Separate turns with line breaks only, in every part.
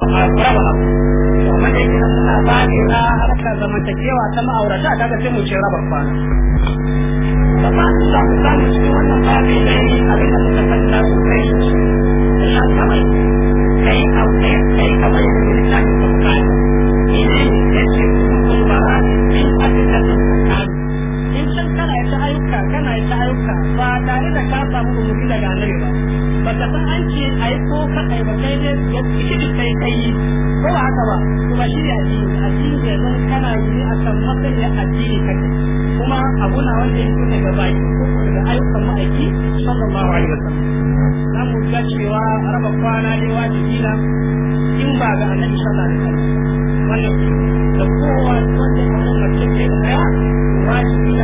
rabaha amma da yake suna bani na
harkar zamantakewa ta ma'aurata ta ga sai mu ce raba kwana
da ba su za cikin wannan babi da yi abin da suka fanta su kai da shan kamar kai kamar yadda misali
ka kana yin ayyuka ba tare da ka samu umuri daga annabi ba ba ta san an ce ai ko ka kai ba kai ne ya kishi kai kai ko ba haka ba kuma shi ne addini addini ya zan kana yi a kan matsayin addini kake kuma abu na wanda ya fito daga baki ko daga ayyukan ma'aiki
sallallahu alaihi wasallam za mu ga cewa raba kwana ne wajibi na in ba ga annabi sallallahu alaihi wasallam wannan da kowa wanda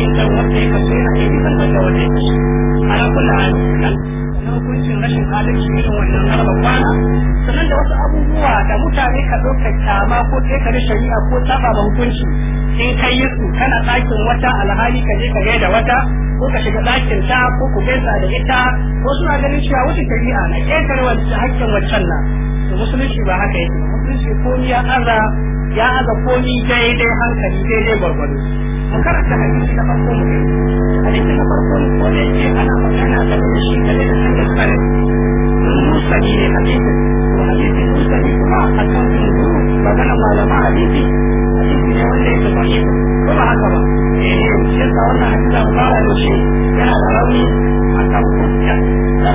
inda wata ya kaso yana iya nisan wanda wanda ya ana kula a nan na hukuncin rashin adalci irin wannan raba kwana
sannan da wasu abubuwa da mutane ka ɗauka kyama ko ƙetare shari'a ko saba ba hukunci in kai yi su kana ɗakin wata alhali ka je ka gaida wata ko ka shiga ɗakin ta ko ku gaisa da ita ko suna ganin cewa wata shari'a na ƙetare wancan haƙƙin waccan na da musulunci ba haka yake musulunci komi ya aza ya aza komi daidai hankali
daidai gwargwado mu karanta hadisi na farko mu hadisi na farko ne ko ne ke ana magana da shi da da cikin kare musani ne hadisi ko hadisi musani kuma a kan duru magana malama hadisi hadisi ne wanda ba shi ko ba haka ba eh shi ta wannan hadisi ba da shi yana da rauni a kan kunya da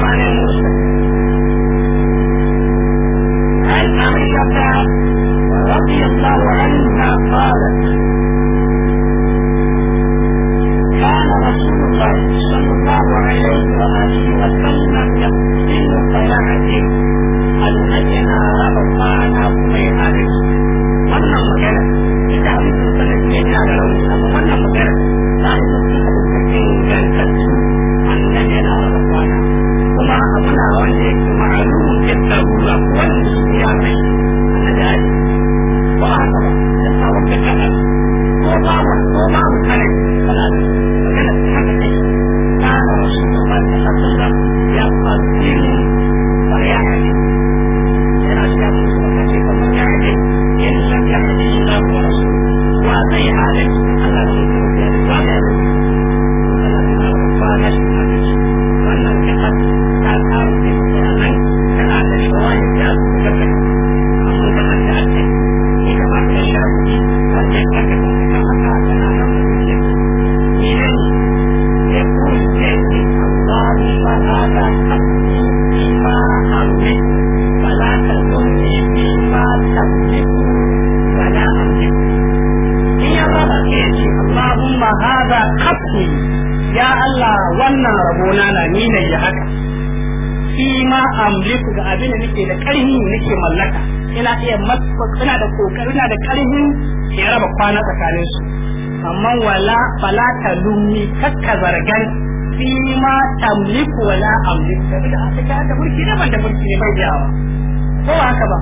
mulki ne banda da mulki ne bai biya ba ko haka ba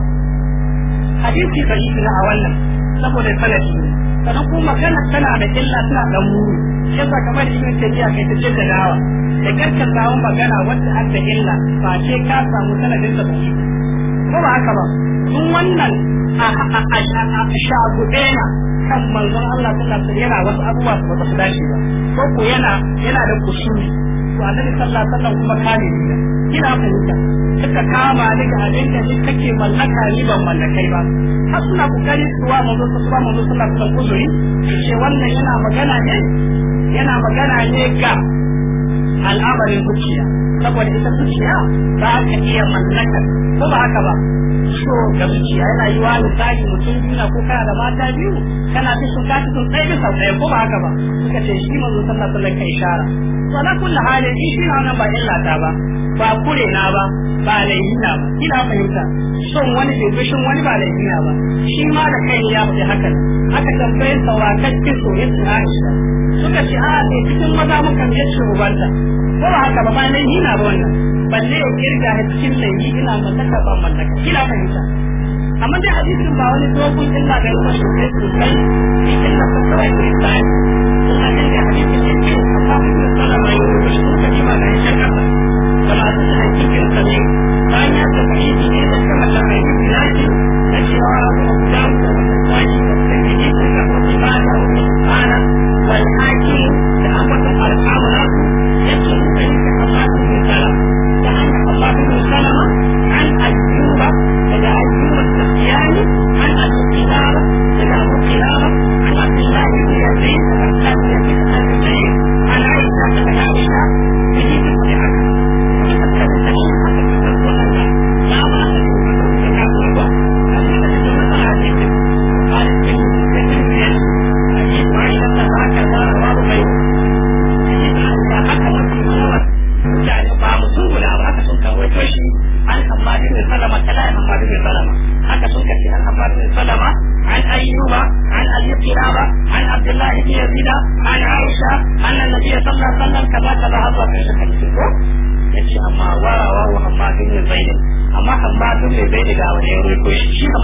hadisi sahihi na a wannan saboda sanadi ne sannan kuma kana tana da illa tana da mu shi yasa kamar ibn tabiya kai ta cikin dawa da karka samu magana wanda har da illa ba ce ka samu sanadin da ba ko ba haka ba mun wannan a a a a shagubena kan manzon Allah sallallahu alaihi wasallam yana wasu abubuwa ba su dace ba ko ko yana yana da kusuri su a nan sallah sallah kuma kare ni kina fahimta suka kama ni ga abin da ni kake mallaka ni ban mallakai ba har suna kokarin su wa manzo sallallahu sallah sallah ku zuri ce wannan yana magana ne yana magana ne ga al'amarin dukiya. saboda ita zuciya ba ka iya mallaka ko ba haka ba so ga zuciya yana yi wa misali mutum biyu na ko kana da mata biyu kana fi so ka sun ɗaya bisa ɗaya ko ba haka ba suka ce shi manzo sallallahu sallar ka kai ishara to na kulli halin in shi na nan ba illa ta ba ba kure na ba ba laifi na ba ina fahimta son wani bai wani ba laifi na ba shi ma da kai ya fi haka aka tambaye saurakakken soyayya Aisha suka ce a ah, cikin maza mukan shi rubanta ko ba haka ba ba laifi sunna ba wannan balle ya kirga cikin laifi ina mallaka ba mallaka kila fahimta
amma dai hadisin ba wani dogon illa ga ruwan sosai sosai shi illa ta kawai ko islam sunna ne da hadisin ya ce Allah ya tsara mai ruwan sosai shi ma da ya shaka ba kuma su da cikin sani bayan ya tafi shi ne da kuma Allah mai ruwan sosai da shi a da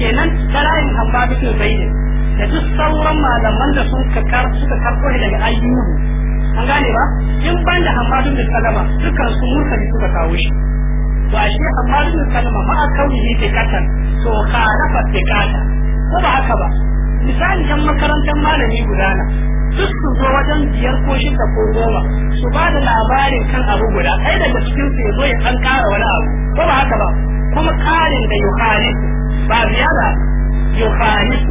kenan karayin hamba bikin zaidin da duk sauran malaman da sun kakar suka karko daga ayyuhu an gane ba in ban da hamadun da kalama dukkan su murtali suka kawo shi to a shi hamadun da kalama ma a kauni ne ke katan to khalafa ke kata ko ba haka ba misali yan makarantar malami gudana duk su zo wajen biyar ko shida ko goma su ba da labarin kan abu guda ɗaya daga cikin su ya zo ya kan kara wani abu ko ba haka ba kuma ƙarin da yohanin ba ziyara su.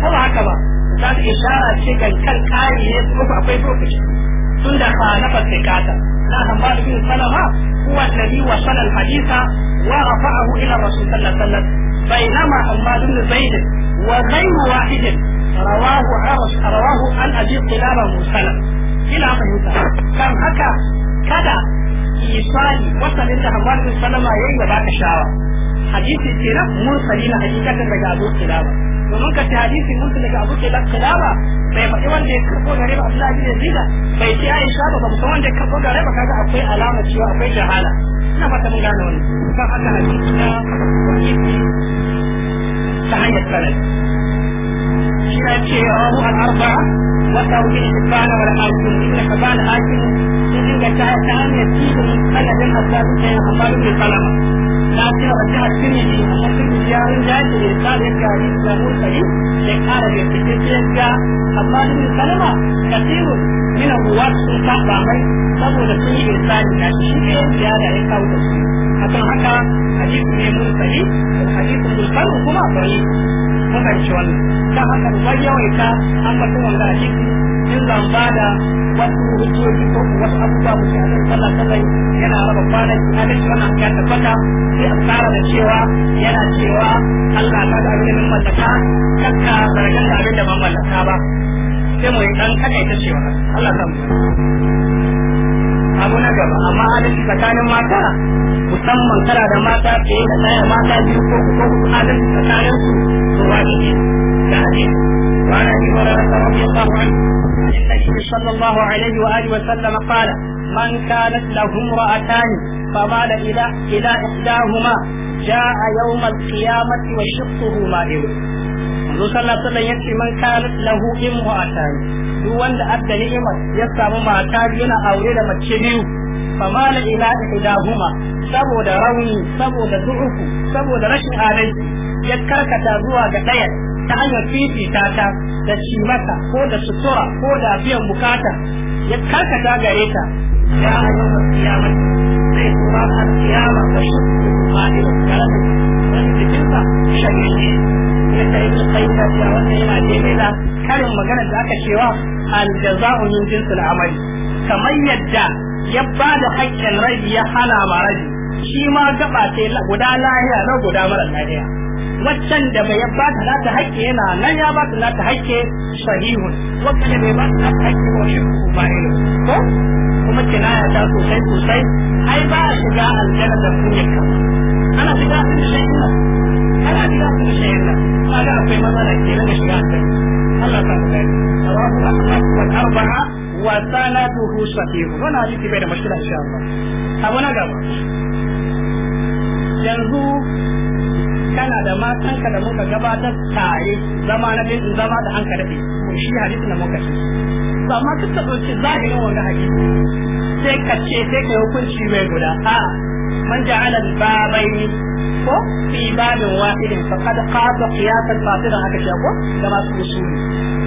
ko ba haka ba za ta ishara ce gankan kan kari ne ko akwai lokaci tun da khalafa tikata na hamad bin salama Kuwa huwa wa sanar alhaditha wa rafa'ahu ila rasul sallallahu alaihi wasallam bainama hamad bin zaid wa ghayru wahid rawahu arash rawahu an abi qilaba mursala ila fahimta kan haka kada isali wasalin da hamad bin salama yayin da baka shawa hadisi kenan mursali na hakikatan daga abu kilaba mun ka ce hadisi mursali daga abu kilaba bai faɗi wanda ya karɓo gare ba Abdullahi bin Yazid bai ce Aisha ba ba wanda ya karɓo gare ba kaga akwai alama cewa akwai jahala
ina fata mun gane wannan kan haka hadisi na hadisi ta hanyar sanad shi ya ce rawu al-arba'a wa tawhid ibana ka ba inna kabal hakim sun dinga ta ta hanyar tilin sanadin asabi
da hamadu bin salama na ce wa ta tirmidhi Allah tirmidhi ya rin da shi ta da ga islamu sai sai kare da fitacce ga amma ni kalma kasiru min ruwat sun ta ba mai saboda sun yi insani da shi ne ya da ya kawo da shi akan haka hadisi ne mun sai hadisi mun kan kuma sai mutan shi ta haka wai yawaita an ba tuwan da hadisi in zan
bada wasu hujjoji ko wasu abubuwa mutane sallah sallah yana raba kwanaki a da shi wannan ya tabbata sai a da cewa yana cewa Allah ka da abin
da mun mallaka kakka da abin da ban mallaka ba sai mu yi dan kadaita cewa Allah ka mu abu na gaba amma adalci tsakanin mata musamman kana da mata fiye da ɗaya mata biyu ko ko adalci tsakanin su to wajibi da hadisi وعن ابي هريره رضي الله عنه عن النبي صلى الله عليه واله وسلم قال من كانت له امرأتان فمال إلى إلى إحداهما جاء يوم القيامة وشقه مائل manzo sallallahu alaihi wasallam yace man kanat lahu imra'atan duk wanda adda ni'imar ya samu mata yana aure da mace biyu famala ila ihdahuma saboda rauni saboda du'ufu saboda rashin adalci ya karkata zuwa ga ɗaya ta hanyar fifita ta da cimata ko da sutura ko da biyan bukata ya karkata gare ta
جاء يوم القيامة ليس بعد القيامة تشد المال والكلام فانتكلت شيء yadda ibn qayyim ya ce wannan yana daidai da karin magana da aka cewa al
jaza'u min jinsil kamar yadda ya ba da haƙƙin rabi ya hana ma rabi shi ma sai guda lahiya na guda mara waccan da bai ba ta nata hakke yana nan ya ba ta nata hakke sahihun waccan da bai ba ta nata hakke
wa shi ne ko kuma ya ta sosai sosai ai ba a shiga aljanna da kunya ana shiga da shayin nan ana shiga da shayin nan kaga akwai matsala ke nan da shiga aljanna Allah ta mu gani Allahu akbar wal
arba'a wa salatuhu sahih wannan hadisi bai da mashkila insha Allah abu na gaba yanzu kana da matanka da muka gabatar tare zama na bin zama da an karfe shi hadisin da muka ci amma duk da dauki zahirin wanda hadisi sai ka ce sai ka hukunci mai guda a man ja'ala babai ko fi babin wahidin faqad qada qiyasan fasidan haka ce ko da masu usuli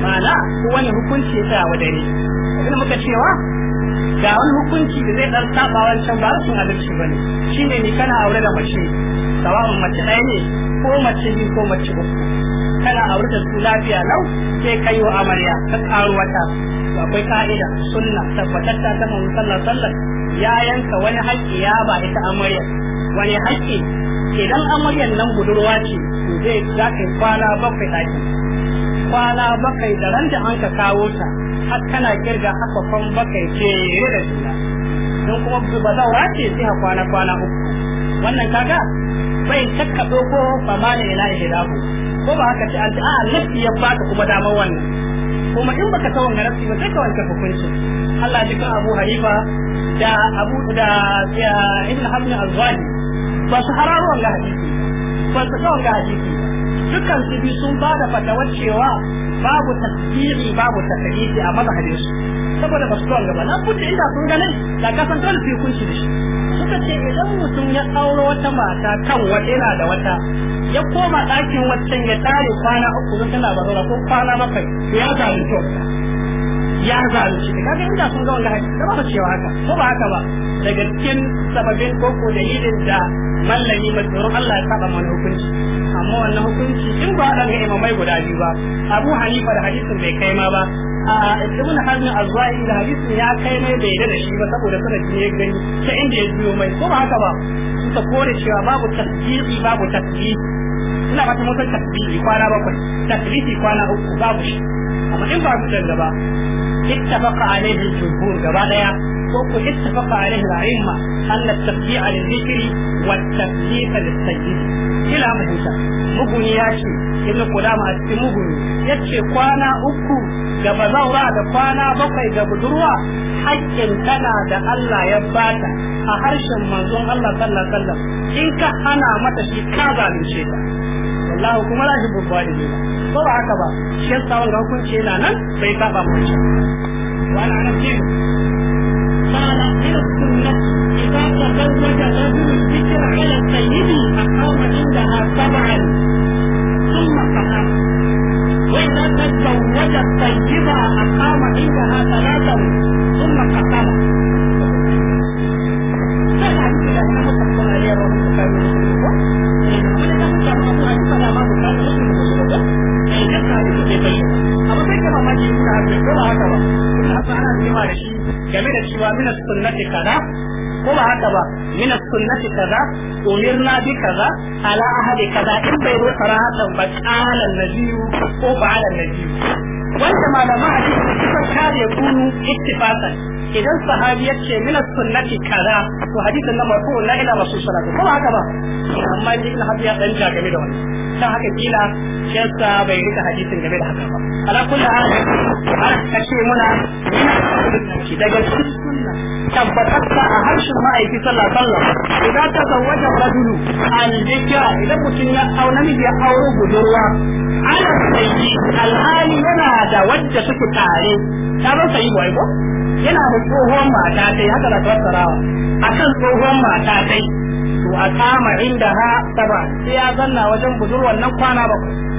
ma'ana ko wani hukunci ya tsaya wa dare abin muka cewa ga wani hukunci da zai dan saba wancan ba sun adalci bane shine ni kana aure da mace sawa'un mace ɗaya ne ko mace biyu ko mace uku kana aure da su lafiya lau sai kai wa amarya ta karo wata akwai ka'ida sunna tabbatatta ta sallar sallallahu ya yanka wani haƙƙi ya ba ita amarya wani haƙƙi idan amaryan nan budurwa ce to zai za ka kwana bakwai ɗaki kwana bakai da ran da an ka kawo ta har kana kirga haka kwan bakai ce da juna don kuma ba zaura ce sai kwana kwana uku wannan kaga bai takka ɗauko ina ila ku ko ba haka ce a nafi ya baka kuma damar wannan kuma in baka ta wannan nafi ba sai ka wanke hukunci Allah ji kan Abu Hanifa da Abu da Ibn Hazm al-Zahiri ba su hararo wannan hadisi ba su kawo wannan hadisi dukkan su bi sun ba da fatawar cewa babu tasiri babu takaici a mazhabin su saboda ba su tuwan gaba na kuce inda sun ganin da kasan dole su kunci da shi suka ce idan mutum ya sauro wata mata kan wata yana da wata ya koma ɗakin waccan ya tare kwana uku zan tana barora ko kwana bakwai ya zalunci wata ya zalunci ka kaga inda sun ga wanda da ba cewa haka ko ba haka ba daga cikin sababin koko dalilin da mallami mai tsoron Allah ya saba mana hukunci amma wannan
hukunci in
ba haɗa ga imamai guda biyu ba Abu Hanifa da hadisin bai kai ma ba a Ibn Hazm az-Zahiri da hadisin ya kai mai bai da shi ba saboda shi ya gani ta inda ya biyo mai ko ba haka ba suka kore cewa babu tasdiki babu tasdiki ina fata mun san tasbihi kwana bakwai tasbihi kwana uku babu shi amma in ba mu dalla ba ittafaqa alayhi al jumhur gaba daya Ko ku ita faɗa a yanzu a yin ma. Hallastar Jami'in wa Tafiha Al-sajji. Ila mu isa. Mugune ya ce, Ibrahim Ƙudama Asbi mugune. kwana uku da ba da kwana bakwai da budurwa. Haƙƙin kana da Allah ya bata. A harshen manzon Allah sallasallam. Kin ka hana mata kika zaɓe ce ta? Wallahu kuma ba haka ba. Shin
nan قال من السنة إذا تزوج رجل الذكر على السيد أقام عندها سبعا ثم فهم وإذا تزوج الطيبة أقام عندها ثلاثا ثم فهم
cewa min sunnati kaza ko ba haka ba min sunnati kaza umirna bi kaza ala ahadi kaza in bai zo sarahatan ba qala an-nabiyyu ko ba fa'ala an-nabiyyu wanda malama cikin suka kare kunu ittifaqan idan sahabi ya ce min sunnati kaza to hadisin na marfu na ila rasul sallallahu alaihi wasallam haka ba amma ibn habi ya dan ja game da wannan ta haka kila shesa bai rika hadisin game da haka ba ala kullu hal har kace muna daga cikin tabbatarsa a harshen ma'aiki sallah sallah idan ta zawaja rajulu al-dhikra idan mutum ya au namiji ya auro budurwa
ana sayi alhali yana
da wadda suke tare ta ba sayi boy ko yana da tsohon mata sai haka da tsarawa akan tsohon mata sai to a kama inda ha saba sai ya zanna wajen budurwan nan kwana bakwai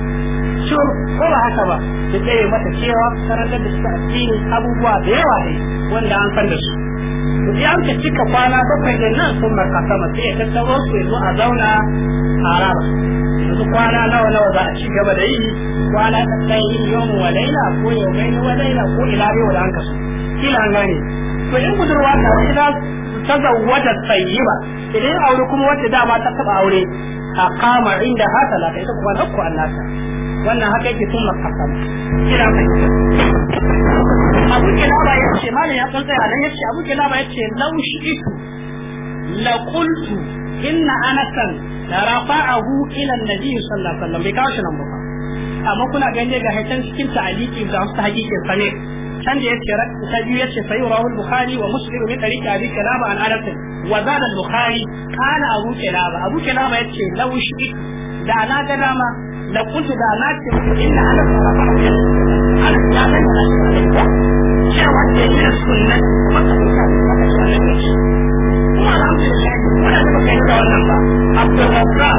cur ko ba haka ba da tsere mata cewa karantar da suka addini abubuwa da yawa ne wanda an san da su to sai an ka cika kwana bakwai din nan sun marka sama sai ya tattaro su ya zo a zauna a raba yanzu kwana nawa nawa za a ci gaba da yi kwana ta tsayi yau wa laila ko yau gaini wa laila ko ila yau da an kasu kila an gane to in budurwa ta wani za ta zawwada tsayiba idan aure kuma wacce dama ta taba aure a kama inda hata lata ita kuma nakku annata wannan haka yake sun makasar kira mai abu kilaba ya ce malam ya san tsaya nan ya ce abu kilaba ya ce laushi itu la qultu inna anasan la rafa'ahu ila annabi sallallahu alaihi wasallam bai kawo shi nan ba amma kuna gani ga haitan cikin ta'aliki da wasu hakikin sa ne can da yace ta biyu yace sai rawul bukhari wa muslim min tariq abi kilaba an anas wa zada al-bukhari kana abu kilaba abu yace laushi da na dama لو كنت
دعمت ان انا فرحت انا بيعمل انا شاور جميل السنه والحمد لله ولا تبقى ولا نبقى عبد الغفار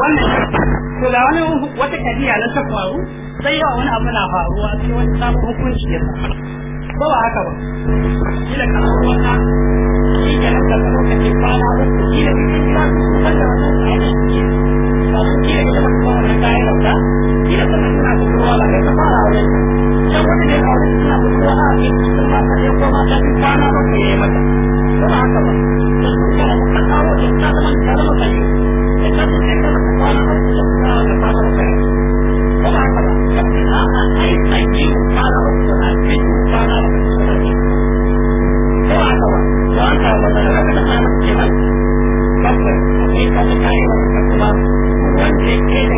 wannan to da wani wata kadiya na ta faru sai yawa wani abu na faruwa sai wani samun hukunci ya samu
ba ba haka ba kila ka samu wata shi ke nan ka samu ka ke kwana wasu kila ka ke kira su kusa da wasu da ke ba su kila ka zama kuma wani kayan lauta kila ka suna kusurwa ba kai ka fara wani can wani ne a wani suna kusurwa a kai sun ba ka kwana ba ka yi mata ba haka ba ta su kira ka kawo ta zama ta zama bakwai akwai kasu kayan kuma wanda ya da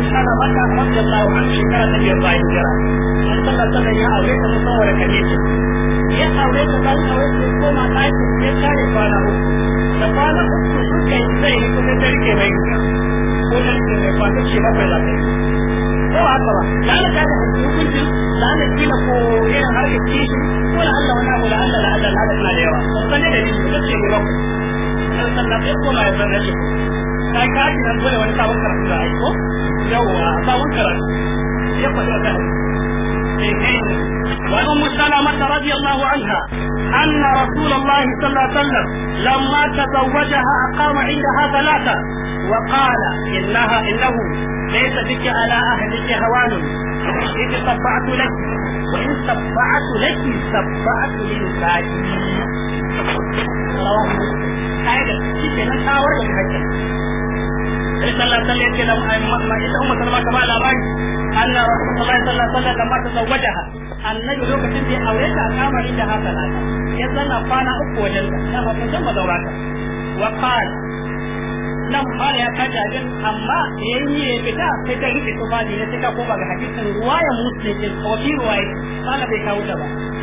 ana mata radiyallahu anhu shekara ta biyar bayan jira an sallar sallar ya aure ta saboda kalita ya aure ta ta aure ta koma ɗakin kare kwana uku da kwana uku suka yi zai yi kuma ta rike mai gida ko ta rike mai kwana ce bakwai ko haka ba da ala kada hukunci da ala ko irin harkar ko da Allah wani abu da Allah da Allah da Allah da yawa
sannan da shi ba ce dan sallah sai koma ya san rashin sai ka ji nan dole wani sabon karatu da aiko yawa sabon karatu ya faɗi a kan وعن ام سلمه رضي الله عنها ان رسول الله صلى الله عليه وسلم لما تزوجها اقام عندها ثلاثه وقال انها انه ليس بك على اهلك هوان ان صبعت لك وان صبعت لك صبعت لنسائك kai da shi tawar da umma ba lokacin ya aure ta kamari da hasana ya wa qala nan ma ya amma da ya yi sai ta sai koma ga hadisin ruwaya muslimin ko bi ruwaya kana bai kawo ba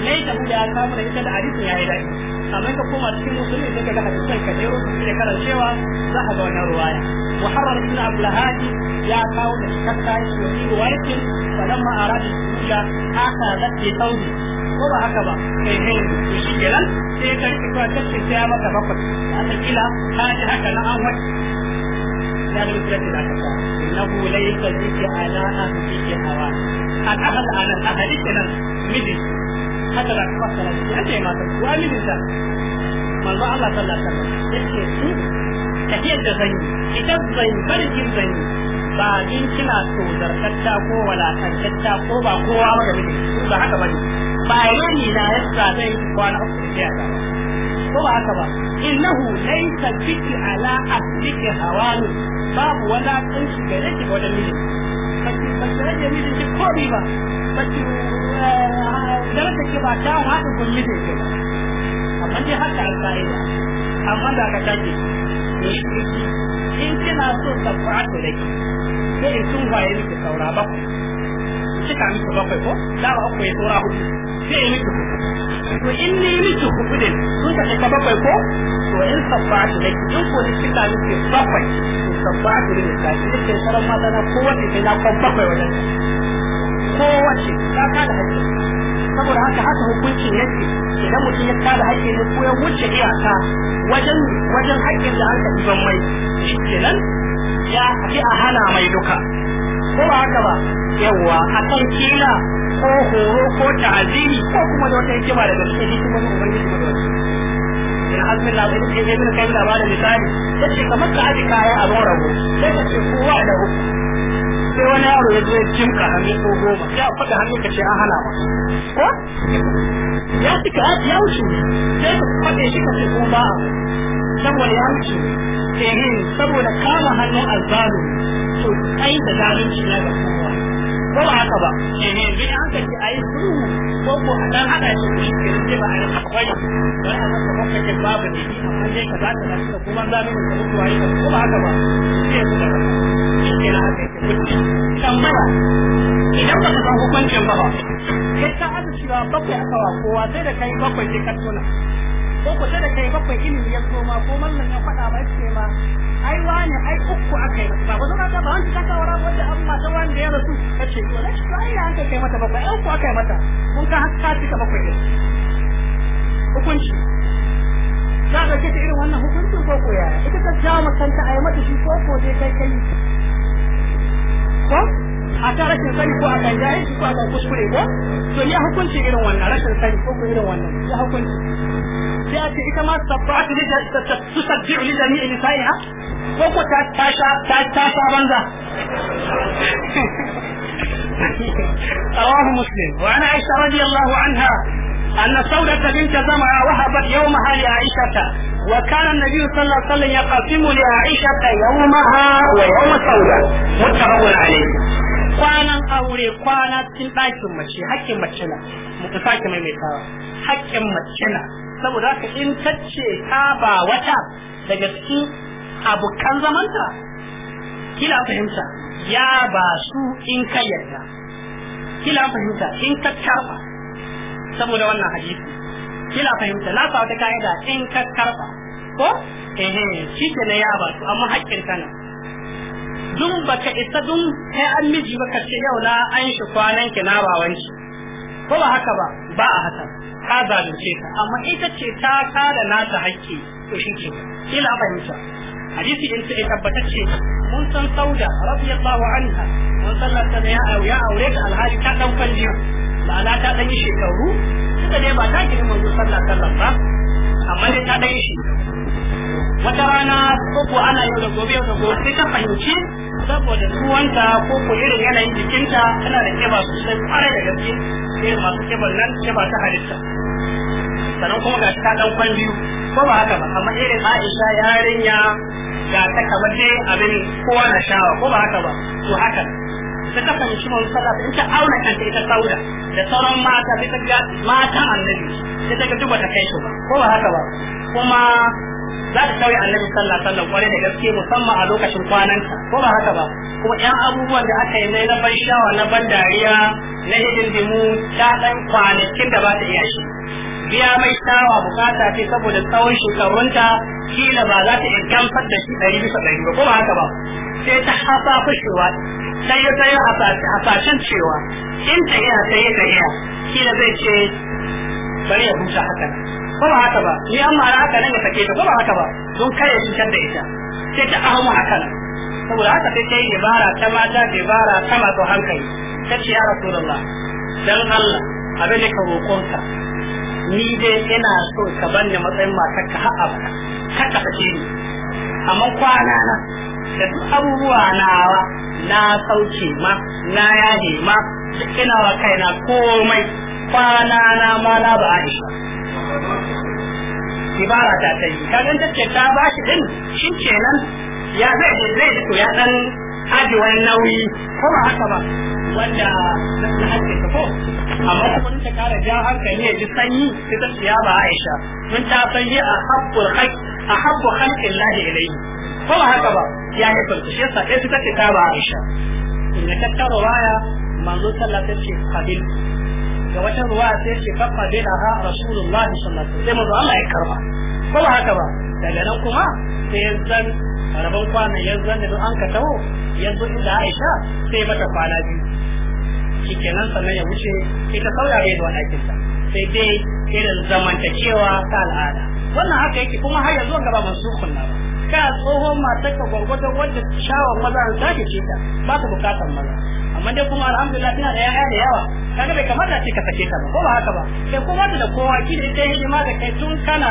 lai ta mu da ya da ita da hadisin ya yi daɗi amma ka koma cikin musulmi sai ka ga hadisan ka je rubutu da karancewa za ka ga wannan ruwaya muharrar ibn abdul hadi ya kawo da kakka shi wani ruwayatin falamma arada suja haka ke tauri ko ba haka ba kai kai ku shi kenan sai ka rike ka tashi ta maka bakwai a kila ka ji haka na an wata ya da mutum da ka ta innahu laysa zikra ala ahlihi hawa al ahl ala ahlihi kenan miji haka da kuma salati an ce mata ko aminin ta manzo Allah sallallahu alaihi wasallam yace su tafiyar da zan yi idan zan bari kin ba din kina so zartatta ko walakantatta ko ba kowa ba da miji ba haka bane ba yani na yasa zai kwana uku da ko ba haka ba innahu laysa biki ala aslika hawani babu wala kunshi gare ki ga miji baki rage mijin ba baki ba kyawun haɗin a ka in kina so ka fa'atu da ke sai sun waye miki saura bakwai cika miki bakwai ko ba uku ya tsora hudu sai miki to in ni miki hudu ne sun ka cika bakwai ko to in sabbatu da ki in ko ni cika miki bakwai to sabbatu ne ka ji ke sauran mata na kowace sai na kwan bakwai wajen ka ta da hakki saboda haka haka hukuncin yake idan mutum ya kada hakki ne ko ya wuce iyaka wajen wajen hakkin da aka ɗiban mai shi kenan ya fi a hana mai duka ko ba haka ba yawa akan kila ko horo ko ta'azimi ko kuma da wata hikima daga cikin hikimomin ubangiji ba da in har min labarin ke zai kai da bada misali sai kamar ka aji kaya a zuwa rago sai ka ce kowa da uku sai wani yaro ya zo ya jimka hannu ko goma ya faɗa hannu ka ce an hana ba ko ya ci ka ya wuce sai ka faɗe shi ka ce ko ba saboda ya wuce ehin saboda kama hannun
alzalu to kai da zalunci na da kowa ko ba haka ba eh yanzu an ka ai su ko ko dan hada shi ne ke ce ba ai akwai ka babu ne amma dai ka za da shi kuma za mu ka mutu ai ko ba haka ba ke na ke idan ba ka san hukuncin ba ba kai ka
azu cewa bakwai a wa kowa sai da kai bakwai ke ka tona ko ko sai da kai bakwai ilimi ya zo ma ko mallan ya faɗa ba ce ma ai wani ai uku aka yi ba ko zama ta ba an ta kawara wanda amma ta wani da ya rasu ka ce to lashi to ai an kai mata bakwai ai uku aka yi mata kun ka haska cika bakwai ne hukunci za a ɗauke ta irin wannan hukuncin ko ko yaya ita ta jawo makanta a yi mata shi ko ko dai kai kai ko a kan rashin sani ko a kan jahilci ko a kan kuskure ko to ya hukunci irin wannan rashin sani ko ko irin wannan
ya hukunci sai a
ce ita ma sabbatu li tusabbihu li jami'i nisa'iha ko ko ta ta ta ta ta banza رواه
مسلم وعن
عائشة رضي الله عنها أن سودة بنت زمعة وهبت يومها لعائشة وكان النبي صلى الله عليه وسلم يقسم لعائشة يومها ويوم
سودة متفق عليه
kwanan aure kwana cikin ɗakin mace hakkin mace na mu sake maimaitawa hakkin mace na saboda haka in ce ta ba wata daga cikin abokan zamanta kila fahimta ya ba su in ka yarda kila fahimta in ka karɓa saboda wannan hadisi kila fahimta na sa wata ka'ida in ka karɓa ko eh shi ke na ya ba su amma hakkin kana dun baka isa dun kai an miji baka ce yau na an shi kwanan ki na bawanci ko ba haka ba ba a haka ka zalunce ta amma ita ce ta kada ta hakki to shi ke ila fahimta hadisi in ta tabbata ce mun san sauda radiyallahu anha mun ta da ya ya aure da Alhaji ta dan Ba ma'ana ta dan yi shekaru suka ne ba ta girman alaihi wasallam ba amma ne ta dan yi shekaru wata rana ko ko ana yau da gobe ko ko sai ta fahimci saboda tuwanta ko ko irin yanayin jikinta tana da kiba sosai kwarai da gaske sai masu kiban nan kiba ta halitta sannan kuma ga ta dan kwan biyu ko ba haka ba amma irin Aisha yarinya ga ta kamar dai abin kowa na shawa ko ba haka ba to haka ta kafa shi mun sada in ta auna kanta ita sauda da sauran mata bisa ga mata annabi sai ta ga duba ta kai shi ba ko ba haka ba kuma za ta tauye annabi sallallahu alaihi wasallam kwarai da gaske musamman a lokacin kwananta ko ba haka ba kuma yan abubuwan da aka yi mai na ban shawa na ban dariya na dimu ta dan kwanakin da ba ta iya shi biya mai shawa bukata ce saboda tsawon shekarunta kila ba za ta iya gamsar da shi ɗari bisa ɗari ba ko ba haka ba sai ta hafa fushewa sai ya tsaye a hasashen cewa in ta iya sai ta iya kila zai ce bari ya huta haka ba ba haka ba ni an mara haka nan ya sake ta ba ba haka ba don kare cutar da ita sai ta ahamu haka nan saboda haka sai ta yi ibara ta mata da ibara ta masu hankali ta ce ya rasulullah dan Allah abin da ka roƙonka ni dai ina so ka banne matsayin matar ka har abada ka ka sake ni amma kwana na da duk abubuwa nawa na sauke ma na yaje ma ina wa kaina komai kwana na ma na ba Aisha ibara ta ta yi kagan ta ce ta ba shi din shi kenan ya zai da zai da ya dan aji wani nauyi ko ba haka ba
wanda na haske ka ko amma
kuma ta kara ja hankali ya ji sanyi sai ta ciya ba Aisha mun ta san yi a habbul haq a habbu khalqillahi ilayhi ko ba haka ba ya yi farko shi yasa sai ta ta ba Aisha in ka taro waya manzo sallallahu alaihi wasallam ce qabil ga wata ruwa sai ce kafa bai da ha rasulullahi sallallahu alaihi sai Allah ya karba ko ba haka ba daga nan kuma sai zan rabon kwana ya zan da an ka taho yanzu inda Aisha sai mata kwana biyu shikenan sannan ya wuce ita sauraye da wadakin ta sai dai irin zamantakewa ta al'ada wannan haka yake kuma har yanzu gaba mansukun na ba ka tsohon matar ka gwargwadon wanda shawar maza za sake ce ta ba ka bukatar maza amma dai kuma alhamdulillah tana da yaya da yawa kaga bai kamata ce ka sake ta ba ko ba haka ba sai kuma da kowa ki da ita hidima da kai tun kana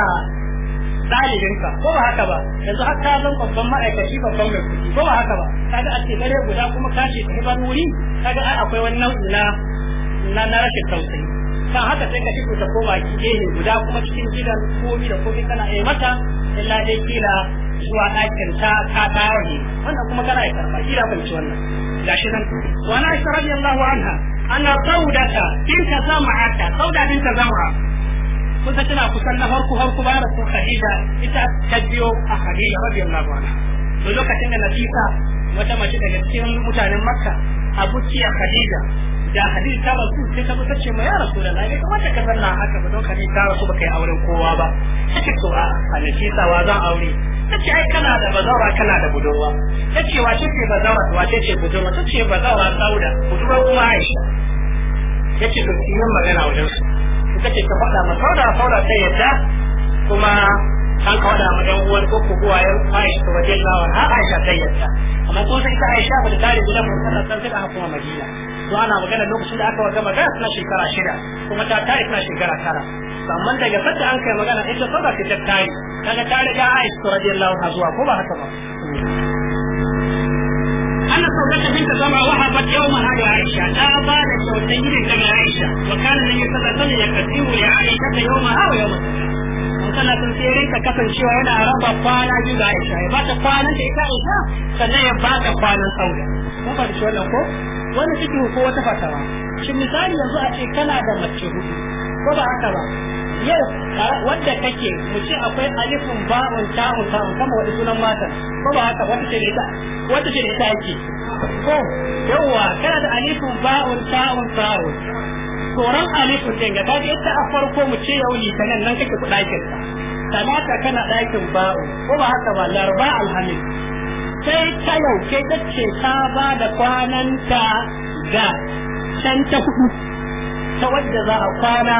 ɗalibinka ko ba haka ba yanzu har ka zan babban ma'aikaci babban mai kuɗi ko ba haka ba kaga a ce dare guda kuma ka ce ta hibar wuri kaga ai akwai wani nau'i na na na rashin tausayi kan haka sai ka fito ta koma gehe guda kuma cikin gidan komi da komi kana iya mata illa dai kila zuwa ɗakin ta ka dawo ne wannan kuma kana ya karɓa shi da fahimci wannan gashi nan wa na aisha radiyallahu anha ana saudata binta zama'ata sauda binta zama'a kusa tana kusan na farko farko bayan rasul khadija ita ta biyo a khadija radiyallahu anha to lokacin da nafisa wata mace daga cikin mutanen makka abuciya khadija da hadisi ta rasu sai ta fita ce ma ya rasu da lai kamar ta kazanna haka ba don hadisi ta rasu ba kai auren kowa ba take to a nafisa wa zan aure ta ce ai kana da bazawa kana da budurwa ta ce wace ce bazawa wace ce budurwa ta ce bazawara sauda budurwa kuma aisha ya ce to ki yin magana wajen su ta ce ta faɗa ma sauda sauda ta yadda kuma an ka faɗa ma ɗan uwan ko ko yan aisha ta wajen lawan har aisha ta yadda amma ko sai ta aisha ba ta tare gudan mutum sanar san sai da hukuma madina don ana magana lokacin da aka waga magana suna shekara shida kuma ta tare tana shekara tara amma daga sadda an kai magana ita sauka ta tare kaga ta riga Aisha radiyallahu anha zuwa ko ba haka ba أن صوتك بنت سبع وهبت يوما على عائشة لا بال صوتين من عائشة وكان النبي صلى الله عليه وسلم يقدم لعائشة يومها ويوم kana sun tsere ta kasancewa yana raba kwana biyu da Aisha ya bata kwanan da ita Aisha sannan ya bata kwanan sauda mun fahimci wannan ko wani cikin ko wata fatawa shi misali yanzu a ce kana da mace hudu ko ba haka ba yau wanda kake mu ce akwai alifin ba'un ta'un ta'un kama wani sunan matan ko ba haka wata ce ita wata ce ita yake ko yawa kana da alifin ba'un ta'un ta'un tsoron alifin ɗin ga kaji ita a farko mu ce yau litanin nan kake kuɗakin ta kana ɗakin ba'u ko ba haka ba larba alhamis sai ta yauke ta ce ta ba da kwananta ga can ta hudu ta wadda za a kwana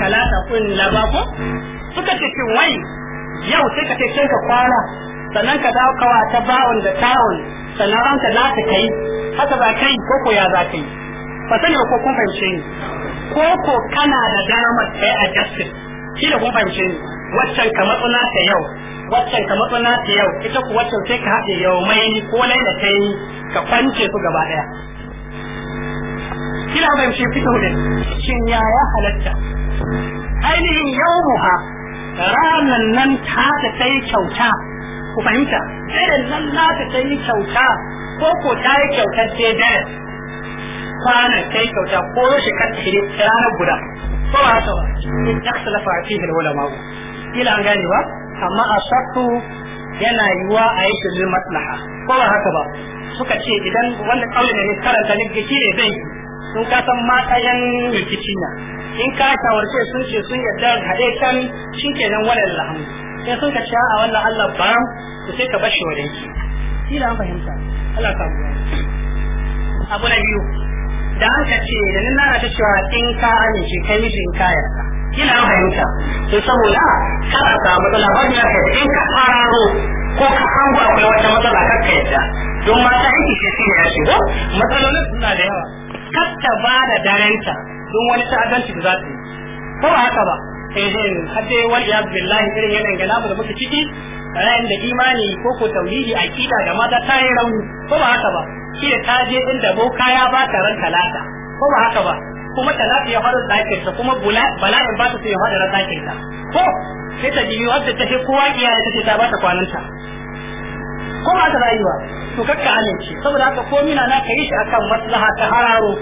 talata kun larba ko suka ce shin wai yau sai ka ce sai ka kwana sannan ka dawo kawa ta bawon da tawon sannan ranka za ta kai haka za kai ko ko ya za kai ba sani ba ko kun fahimce ni ko ko kana da damar kai a justice shi da kun fahimce ni waccan kamar tsuna ta yau waccan ko na ta yau ita ku waccan sai ka haɗe yau mai ko lai da kai ka kwance su gaba ɗaya kila shi fito ne shin ya ya halatta ainihin yau ha ranan nan ta ta kai kyauta ku fahimta daren nan na ta kai kyauta ko ko ta yi kyauta sai daren kwanan kai kyauta ko yaushe kan tsire ranar guda ko ba haka ba in ta salafa a cikin ulama kila an gane ba amma a sattu yana yiwa a yi shirin maslaha ko ba haka ba suka ce idan wanda kawai ne karanta ne shi ne zai sun ka san mata yan rikici na in ka shawarce sun ce sun yarda haɗe kan shi nan wannan lahamu sai sun ka ce a wannan Allah baram su sai ka bar shi wajen ki kila an fahimta Allah ka buwa abu na biyu da an ka ce da nuna na ta cewa in ka amince kai mijin ka kila fahimta to saboda kar a samu matsala ba ya ka in ka fararo ko ka hango akwai wata matsala kar ka yadda don mata aiki shi shi ya shigo matsalolin suna da yawa kar ta ba da darenta don wani ta'addanci da za ta yi ko ba haka ba sai zai hadde wal ya billahi irin yanayin ga namu da muke ciki rayan da imani ko ko tauhidi aqida da mata ta yi rauni ko ba haka ba shi ta je inda boka ya ba ta ran talata ko ba haka ba kuma ta lafiya fara zakin ta kuma bala'in ba ta sai ya fara zakin ta ko sai ta jiyo wadda ta kowa iyaye ta ce ta ba ta kwananta ko ba ta rayuwa to kakka amince saboda haka ko mina na kai shi akan maslaha ta hararo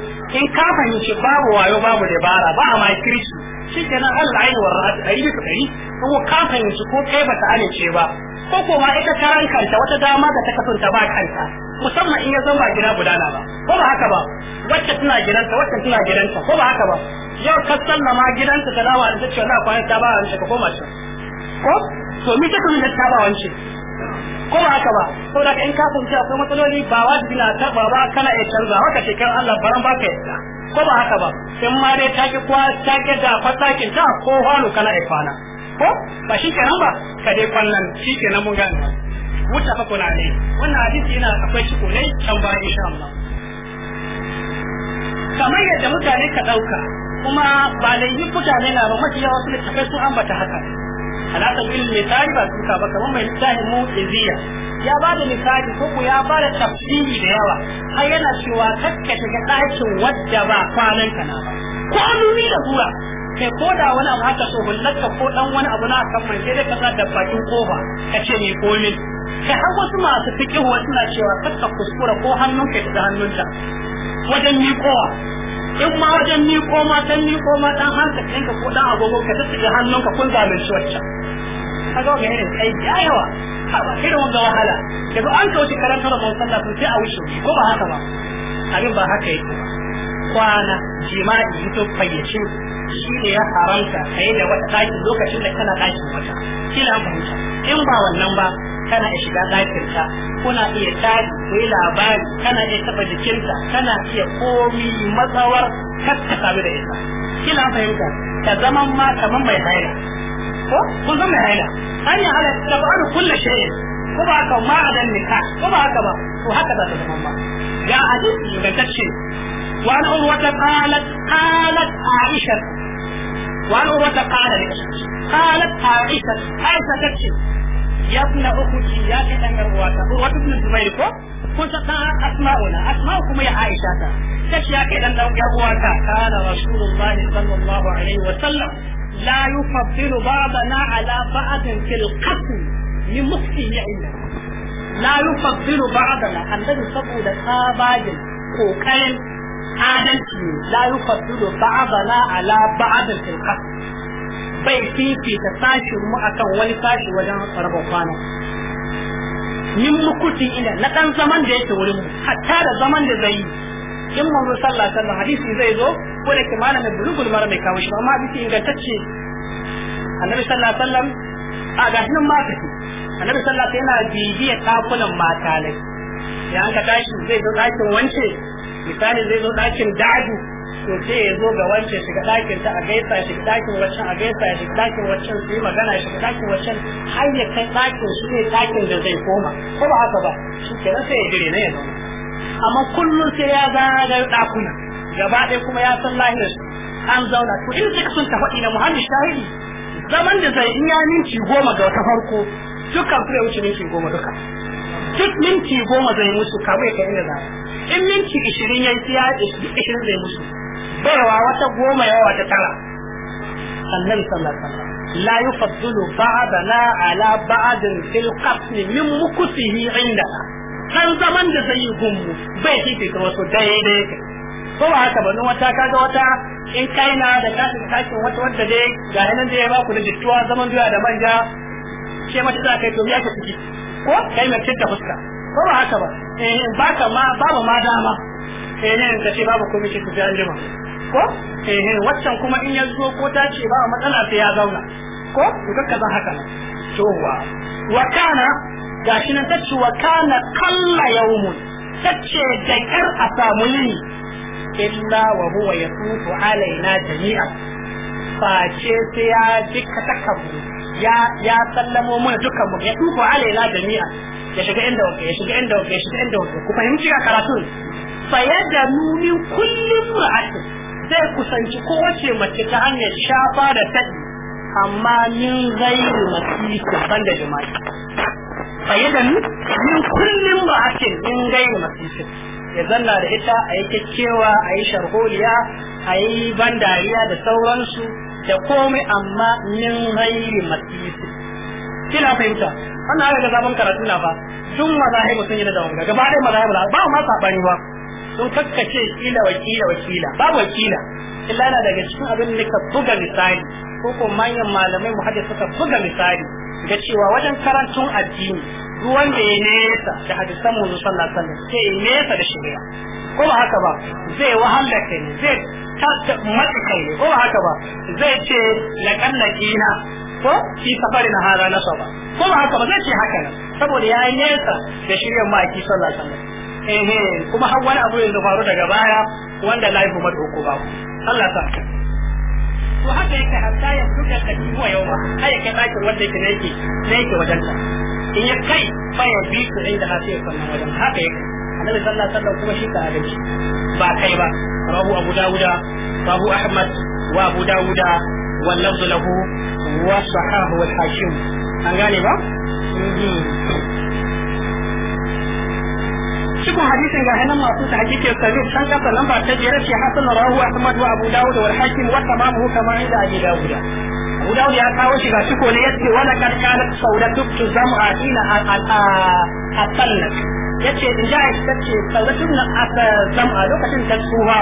in ka fahimci babu wayo babu dabara ba ma kirki kenan Allah ayi wa ra'at ayi da kai ko ka fahimci ko kai ba ta amince ba ko kuma ita karan kanta wata dama da ta kasanta ba kanta musamman in ya zama gida gudana ba ko ba haka ba wacce tana gidanta wacce tana gidanta ko ba haka ba yau ka sallama gidanta ta dawa da cewa na kwana ta ba wance ka koma shi? ko to mi ta kuma ta ba wance ko ba haka ba ko da in ka fahimci akwai matsaloli ba wa na ta ba ba kana ya canza haka ce kan Allah baran ba ka yadda ko ba haka ba in ma dai ta ki kwa ta ki da fasakin ta ko halu kana iya kwana ko ba shi kenan ba ka dai kwallon shi kenan mun gane wuta fa kuna ne wannan hadisi yana akwai shi kone can ba insha Allah kamar yadda mutane ka dauka kuma ba laifin mutane na ba mafi yawa su littafai su ambata haka halaka bil misali ba suka ba kamar mai misali mu iziya ya ba da misali ko ku ya ba da tafsiri da yawa har yana cewa kakka ga ɗakin wadda ba kwanan ka na ba ko an da zuwa kai ko da wani abu haka so hullarka ko dan wani abu na kan mai sai dai ka sa da bakin kofa ka ce ni komin kai har wasu masu fiƙi wa suna cewa kakka kuskura ko hannun kai da hannunta wajen ni kowa, in ma wajen ko ma dan ko ma dan kin ɗinka ko dan agogo ka hannun hannunka kun shi wacce ka ga irin kai yawa ha ba irin wanda wahala ba an shi karanta da sallah sun sai a wuce ko ba haka ba abin ba haka yake ba kwana jima'i mutum fayyace shi ne ya haramta ka yi da wata ɗaki lokacin da kana ɗakin wata kila fahimta in ba wannan ba kana iya shiga ɗakinta kuna iya tari ku yi labari kana iya taɓa jikinta kana iya komi matsawar kasta sabu da ita kila fahimta ka zama ma kaman mai haila ko kun zama mai haila an yi halar ta ba'ar kulle shirin ko ba haka ma a dan nika ko ba haka ba to haka za ta zama ma ga hadisi ingantacce وعن عروة قالت قالت عائشة وعن عروة قالت قالت عائشة عائشة تكشف يا ابن أختي يا كتن عروة عروة بن الزبير كو كنت أسماؤنا أسماؤكم يا عائشة تكشف يا كتن عروة قال رسول الله صلى الله عليه وسلم لا يفضل بعضنا على بعض في القتل من مخفي عندنا لا يفضل بعضنا الذي صبوا لصاباجل kokarin adalci la yufaddilu ba'dana ala ba'd fil qasd bai fifita sashin mu akan wani sashi wajen raba kwana min mukuti ina na dan zaman da yake wurin mu hatta da zaman da zai in manzo sallallahu sallah wasallam hadisi zai zo ko da kimanin da bulugul mara mai kawo shi amma hadisi ingantacce annabi sallallahu alaihi wasallam a gashi nan ma tafi annabi sallallahu alaihi wasallam yana bibiya dakunan mata ne ya an ka tashi zai zo dakin wance misali zai zo ɗakin dadu to sai ya zo ga wance shiga ɗakin ta a gaisa shiga ɗakin waccan a gaisa shiga ɗakin waccan su yi magana shiga ɗakin waccan har ya kai ɗakin shi ne ɗakin da zai koma ko ba haka ba shi kenan sai ya gire na ya zama amma kullum sai ya da ɗakuna gaba ɗaya kuma ya san lahiyar an zauna to in suka sun tafaɗi na muhammad shahidi zaman da zai ya minti goma ga wata farko dukkan su ya wuce minti goma duka duk minti goma zai musu kawai ka inda za in minti ishirin ya siya ishirin zai musu baiwa wata goma yawa wata tara annabi sallallahu alaihi wasallam la yufaddilu na ala ba'din fil qasmi min mukusihi indana kan zaman da zai yi gummu bai fifita wasu daidai kai ko ba haka ba wata kaga wata in kaina da katin takin wata wadda dai ga nan zai ya ba ku da jittuwa zaman doya da manja ce mata za kai to biya ka ciki ko kai mace ta fuska ba ba haka ba eh ka ma babu ma dama eh ne ka ce babu komai ki tafi anjima ko eh waccan kuma in ya zo ko ta ce ba matsala sai ya zauna ko to kakka zan haka to wa wa kana gashi nan tace wa kana kalla yawmun tace da kar a samu yini illa wa huwa yasufu alaina jami'a? face sai ya dika takabu ya ya sallamo mun dukan mu ya tufu alaina jami'a. ya shiga inda wanka ya shiga inda wanka ya shiga inda wanka ku fahimci a karatun fayyada nuni kullum ra'atin zai kusanci kowace mace ta hanyar shafa da taɗi amma min gairi masisi ban da jima'i fayyada min kullum ra'atin min gairi masisi ya zanna da ita a yi kyakkyawa a yi sharholiya a yi bandariya da sauransu da komai amma min gairi masisi Kina fahimta wannan haka ga zaman karatu na fa duk mazahibu sun yi da wanga gaba ɗaya mazahibu ba ma sabani ba sun kakkace kila wakila wakila ba wakila illa na daga cikin abin da ka buga misali ko ko manyan malamai muhaddis suka buga misali ga cewa wajen karantun addini duk wanda ya nesa da hadisan mu sallallahu alaihi wasallam sai nesa da shari'a ko ba haka ba zai wahala kai zai ta matsa kai ko ba haka ba zai ce laqan laqina ko fi safarin hara na saba ko ba haka ba zai ce haka nan saboda ya yi nesa da shirya ma'aiki sallallahu sallah wasallam eh kuma har wani abu yanzu faru daga baya wanda lafi kuma da hukuma Allah ta to haka yake hatta ya duka takiwa yau ba kai ka dakin wanda yake ne yake ne yake wajen ta in ya kai ba ya bi su inda sai sannan wajen haka yake annabi sallallahu alaihi wasallam kuma shi ka adalci ba kai ba rabu abu dawuda babu ahmad wa abu dawuda واللفظ له وصححه الحاكم an gane ba cikin hadisin ga hannun masu ta hakikin sabir san kasa lamba ta jere ce hasan rahu ahmad wa abu dawud wal hakim wa tamamu kama inda abi dawud abu dawud ya kawo shi ga ciko ne yace wala kad in ja ita tace saudatu na zam'a lokacin ta tsuha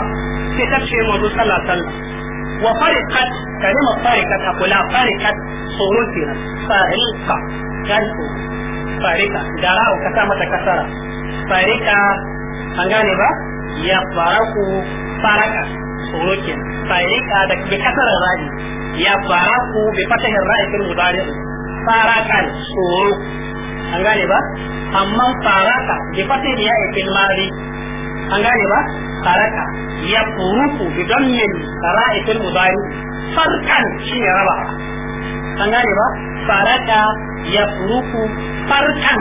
sai ta ce mu sallallahu alaihi wa farikat kalima farikat a kula farikat tsoro kenan farika ganto farika gara o kasa mata kasara farika an ba ya faraku faraka tsoro kenan da ke kasara rani ya faraku bi fatahin ra'ayi fil tsoro ba amma faraka mari an gane ba saraka ya furuku idan min ra'ayin mudari farkan shi ne raba an gane ba saraka ya furuku farkan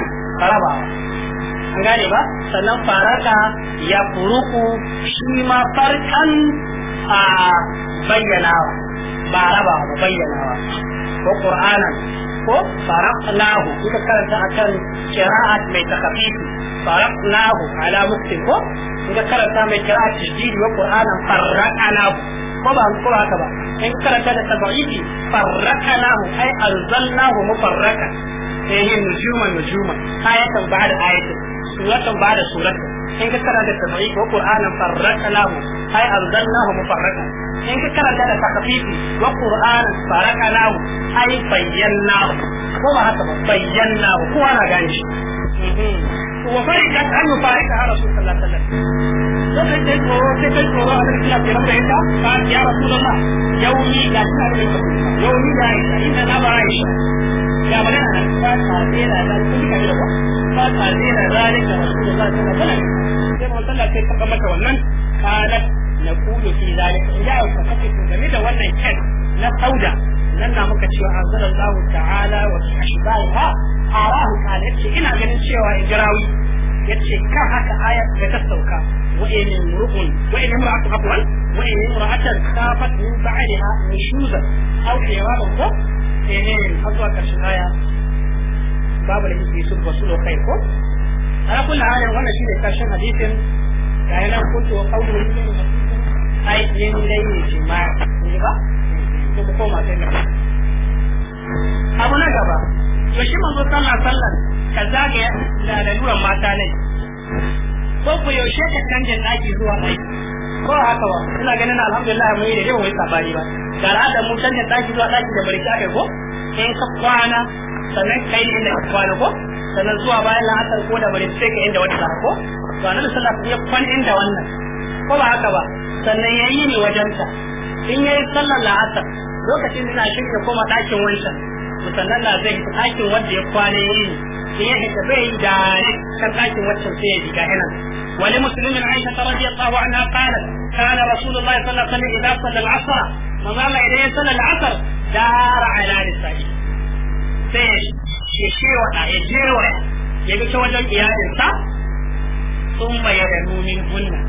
raba an gane ba sannan faraka ya furuku shi ma farkan a bayyanawa ba raba ba bayyanawa ko qur'ana ko faraqnahu kuka karanta akan qira'at mai takafif faraqnahu ala muktin ko kuka karanta mai qira'at jididi wa qur'anan faraqnahu ko ba ko haka ba in karanta da tabaifi farrakanahu ai anzalnahu mufarraka sai eh, yin nujuma nujuma ayatan ba'da ayatin suratan ba'da suratan in ka karanta da tabaifi wa qur'anan farrakanahu ai anzalnahu mufarraka in ka karanta da takafifi wa farraka farrakanahu ai bayyanahu ko ba haka ba bayyanahu kowa na gane shi mhm. Wa وفرقت أن يفارقها رسول الله صلى الله عليه وسلم. وفرقت وفرقت وفرقت وفرقت وفرقت وفرقت ya rasu da ba yauni ga tsar da ku na ba ba na
ta ta ne da ta kun ba ta ta da rani ka rasu ta ta sai
mun san sai ka maka wannan kala na kudu fi zalika ya ka kace ku game da wannan kai na sauda nan na muka cewa azzalallahu ta'ala wa ashbaha arahu kana ce ina ganin cewa ijrawi yace ka haka ayat da ta sauka wa'in murqun wa'in murqun وإن امرأة خافت من بعلها نشوزا أو حيوانا فوق إيه حظوا كشغايا باب الذي يسوق وصوله خير أنا على كل حال وانا شيء كاشن حديث يعني لو كنت وقوله أي من لي جماع نجبا كما تنبا أبو نجبا وشي من منذ صلى صلى كذاك لا لنورا ما تاني ko ku yaushe ka canjin ɗaki zuwa aiki ko haka ba ina ganin alhamdulillah mun yi da yawa mai sabani ba da al'ada mu canja daki zuwa daki da barki akai ko in ka kwana sannan kai ne inda ka kwana ko sannan zuwa bayan la'asar ko da barki sai ka inda wata sana ko to annabi sallallahu alaihi wasallam ya kwan inda wannan ko ba haka ba sannan yayi ni sa, in yayi sallar la'asar lokacin ina shirka koma dakin wancan sannan na zai hita ɗakin wanda ya kwana ya yi in ya hita bai da kan ɗakin wancan sai ya diga hinan wani musulmin aisha ta rabi allahu anha qala kana rasulullahi sallallahu alaihi wasallam idza salla al-asr manzo Allah idan ya salla al-asr dara ala nisa'i sai ya shewa ya jewa ya bi ta wajen iyalinsa sun bayyana nunin hunna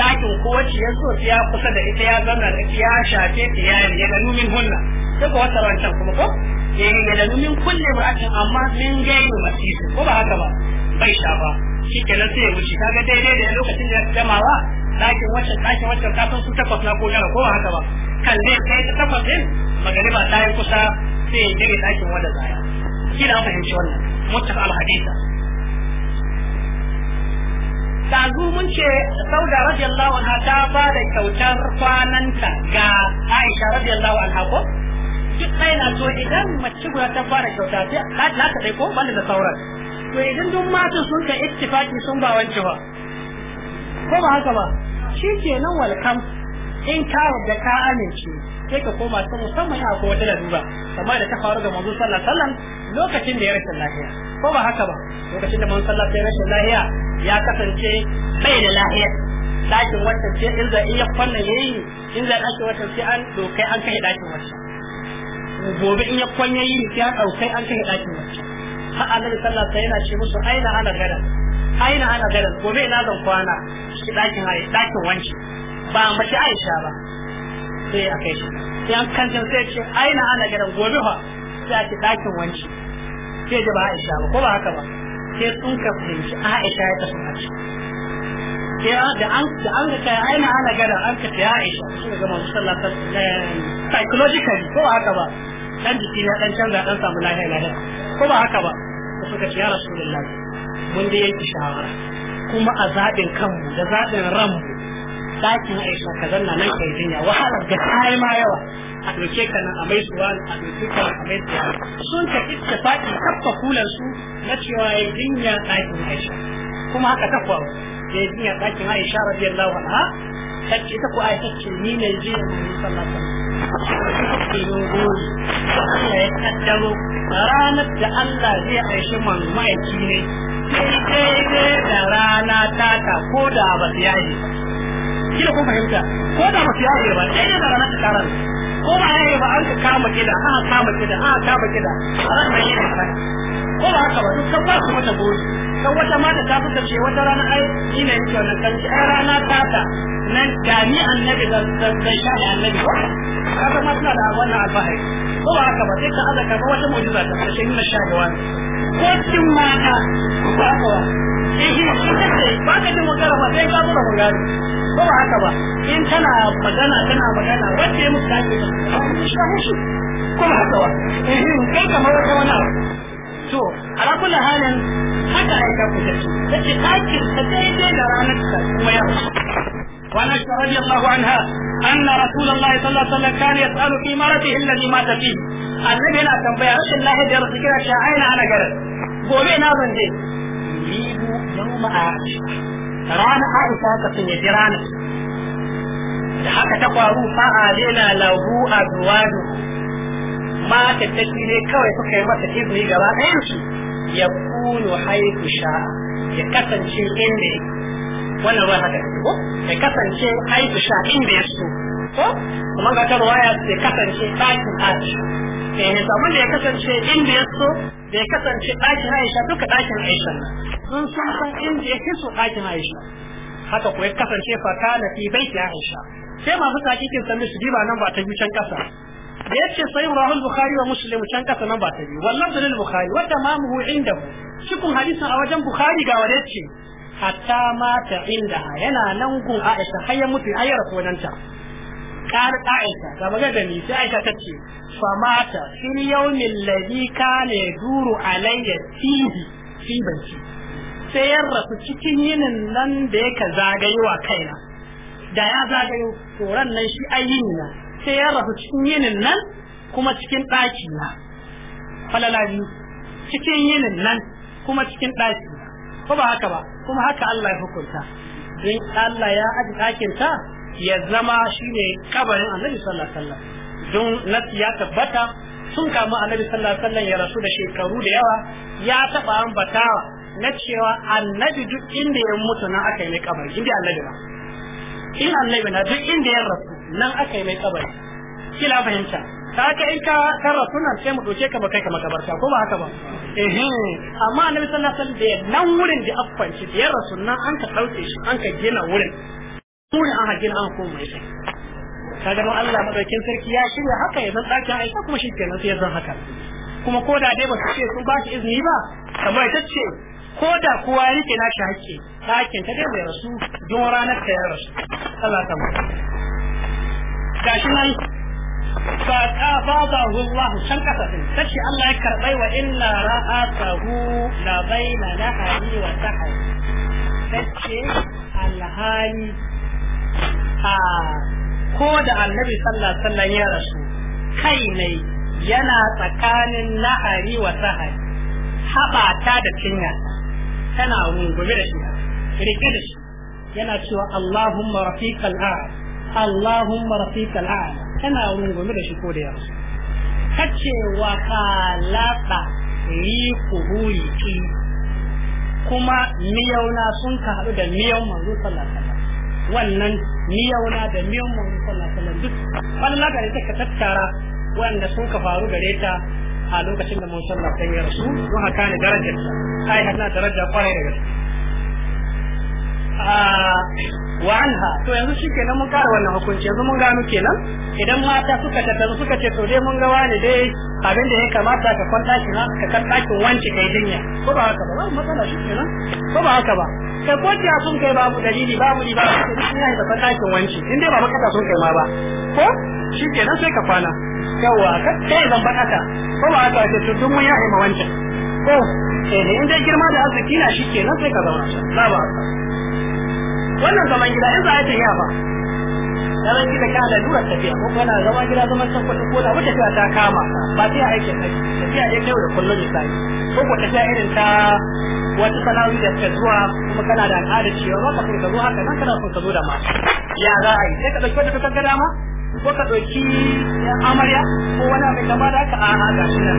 ɗakin ko wacce ya so ya kusa da ita ya zauna da ya shafe ta ya yi da numin hunna Duk ko wata wancan kuma ko eh ya da min kulle ba akan amma min gairu masisi ko ba haka ba bai sha ba shi kenan sai ya wuce kaga daidai da lokacin da ya ba, ɗakin wacce ɗakin wacce kafin su takwas na ko yara ko ba haka ba kan zai kai ta takwas din magariba ta yi kusa sai ya gare ɗakin wanda zaya shi da fahimci wannan mutta al-hadisa dazu mun ce sauda radiyallahu anha ta ba da kyautar kwananta ga Aisha radiyallahu anha ko duk ɗaya na so idan mace guda ta fara kyauta sai za ta ɗai ko banda da sauran to idan duk mata sun ka ittifaki sun ba wance
ba ko ba
haka ba shi ke nan walkam in ka da ka amince sai ka koma ta musamman ya ko wata lalura kamar da ta faru ga manzo sallallahu alaihi wasallam lokacin da ya rashin lafiya ko ba haka ba lokacin da manzo sallallahu alaihi wasallam ya rashin lafiya ya kasance bai da lafiya dakin wata ce in za iya fannin yayi in za dakin wata ce an dokai an kai dakin wata gobe in ya kwanya yi ya an ɗaukai an kai ɗakin har annabi sallallahu alaihi yana ce musu aina ana gada aina ana gada gobe ina zan kwana shi ɗakin haye ɗakin wanki ba mace Aisha ba sai a kai shi sai an kanta sai ce aina ana gada gobe fa sai a ci ɗakin wanki sai da ba Aisha ba ko ba haka ba sai sun ka fahimci Aisha ya tafi sai da an da an ga kai aina ana gada an ka ta Aisha eh, shi ga manzo sallallahu alaihi wasallam psychologically ko haka ba dan jiki na dan canza dan samu lafiya lafiya ko ba haka ba suka ce ya rasulullahi mun da yanki shawara kuma a zaɓin kanmu da zaɓin ranmu ɗakin aisha ka zanna nan kai jinya wahala da kayan ma yawa a ɗauke ka nan a mai suwa a ɗauke ka a mai suwa sun ka iska faɗi kafa kulan na cewa ya jinya ɗakin aisha kuma haka ta faru da ya jinya ɗakin Aisha radiyallahu anha tace ta kuwa Aisha ce ni ne je
da Annabi sallallahu
alaihi wasallam ke yin gori Allah ya kaddaro ranar da Allah zai aishi man ma'aiki ne sai dai da rana ta ta ko da ba su yaye kila kun fahimta ko da ba su yaye ba sai da rana ta karar ko ba yaye ba an ka kama kida an kama kida an kama kida a yi ne ba ko ba haka ba duk kan ba su mata gori kan wata mata ta fuka ce wata rana ai ina yake na kanci ai rana ta ta nan ga ni annabi da zai sha ni annabi ba kaga ma suna da wannan alfahari ko ba haka ba sai ka aza kaga wata mu'jiza ta fashe ni na sha da wani ko cikin mata ba ka ba eh shi ne sai ba ka jin magana ba sai ka zo da magana ko ba haka ba in tana magana tana magana wacce ya musu dace ba shi ko ba haka ba eh kai kamar wata wani abu to a kulli halin haka aika ku ta ce takin ta daidai da ranar ta kuma ya وعن عائشة رضي الله عنها أن رسول الله صلى الله عليه وسلم كان يسأل في مرته الذي مات فيه النبي لا تنبيع رسول الله دي رسول شاعين على قرر قولي ناظر دي يريد يوم عائشة ران عائشة كفين يجرانا da haka ta faru fa'a dena lahu mata tafi ne kawai suka yi masa izini gaba ɗayan su ya kunu haiku sha ya kasance inda wannan ruwan haka ko ya kasance haiku sha inda ya so ko kuma ga ta ruwaya ya kasance ɗakin aisha eh saman da ya kasance inda ya so da ya kasance ɗakin aisha duka ɗakin aisha sun san san inda ya fi so ɗakin aisha haka kuwa ya kasance fakana fi ya aisha sai masu sa takikin sannu su diba nan ba ta bi can kasa da yace sai rahul bukhari wa muslim can kasa nan ba ta biyu wallan dalil bukhari wa tamamuhu indahu cikin hadisin a wajen bukhari ga wanda yace hatta mata inda yana nan gun aisha har ya mutu ayyar sunanta kar aisha ga magana da sai aisha tace fa mata fil yawmil ladhi kana duru alayya fihi fi banci sai ya rasu cikin yinin nan da ka zagayowa kaina da ya zagayo to ran nan shi ayyina sai ya rasu cikin yinin nan kuma cikin ɗaki na falalabi biyu cikin yinin nan kuma cikin ɗaki ko ba haka ba kuma haka Allah ya hukunta don Allah ya aji ɗakinta ya zama shine kabarin annabi sallallahu alaihi wasallam don nasi ya tabbata sun kama annabi sallallahu alaihi wasallam ya rasu da shekaru da yawa ya taba ambatawa na cewa annabi duk inda ya mutu na aka yi kabari inda annabi ba. in annabi na duk inda ya rasu nan aka yi mai kabari kila fahimta ta haka in ka karra sunan sai mu doke ka ba kai ka makabarta ko ba haka ba eh amma annabi sallallahu alaihi wasallam da nan wurin da affanci da yarra sunan an ka dauke shi an ka gina wurin wurin an gina an koma shi kaga don Allah madaukin sarki ya shirya haka ya zan tsakin aisha kuma shi kenan sai ya zan haka kuma ko da dai ba su ce sun ba shi izini ba kamar ta ce ko da kowa ya rike na shi hakki ɗakin ta dai bai rasu don ranar ta ya rasu Allah ta gashi nan fa ka fada Allah san kasa din sai Allah ya karbai wa inna ra'atahu la baina lahari wa tahri sai alhali ha, ko da annabi sallallahu alaihi wasallam ya rasu kai ne yana tsakanin lahari wa sahi habata da cinya tana rungume da shi rike da shi yana cewa Allahumma rafiqal a'la Allahumma rafiqal a'la kana rungume da shi ko da yarsu kace wa kalaka li ki? kuma miyauna sun ka hadu da miyan manzo sallallahu alaihi wasallam wannan miyauna da miyan manzo sallallahu alaihi wasallam duk Allah da tattara wanda sun ka faru gare ta a lokacin da mun ya rasu wa kana darajar wa anha to yanzu shikenan mun kara wannan hukunci yanzu mun gano kenan idan mata suka tattaru suka ce to dai mun ga wani dai abin da ya kamata ka kwanta shi na ka kan ɗakin wanci kai dinya ko ba haka ba babu matsala shi kenan ko ba haka ba kai ko ta sun kai babu dalili babu ni ba shi ne ka ka ɗakin wanci in dai ba ta sun kai ma ba ko shi kenan sai ka kwana yawa kai zan ka ko ba haka ce to mun ya haima wancan ko eh in dai girma da arziki na shi kenan sai ka zauna ba ba wannan zaman gida in za a tafiya ba zaman gida ka da dura tafiya ko kana zaman gida zaman san kuɗi ko da wata tafiya ta kama ba sai aikin haji tafiya dai kai da kullum sai ko ko tafiya irin ta wata sana'o'i da ta zuwa kuma kana da al'ada cewa ba ka furta zuwa haka nan kana ka zo da ma ya za a yi sai ka ɗauki wata ta dama ko ka ɗauki amarya ko wani mai kama da
haka a ga shi nan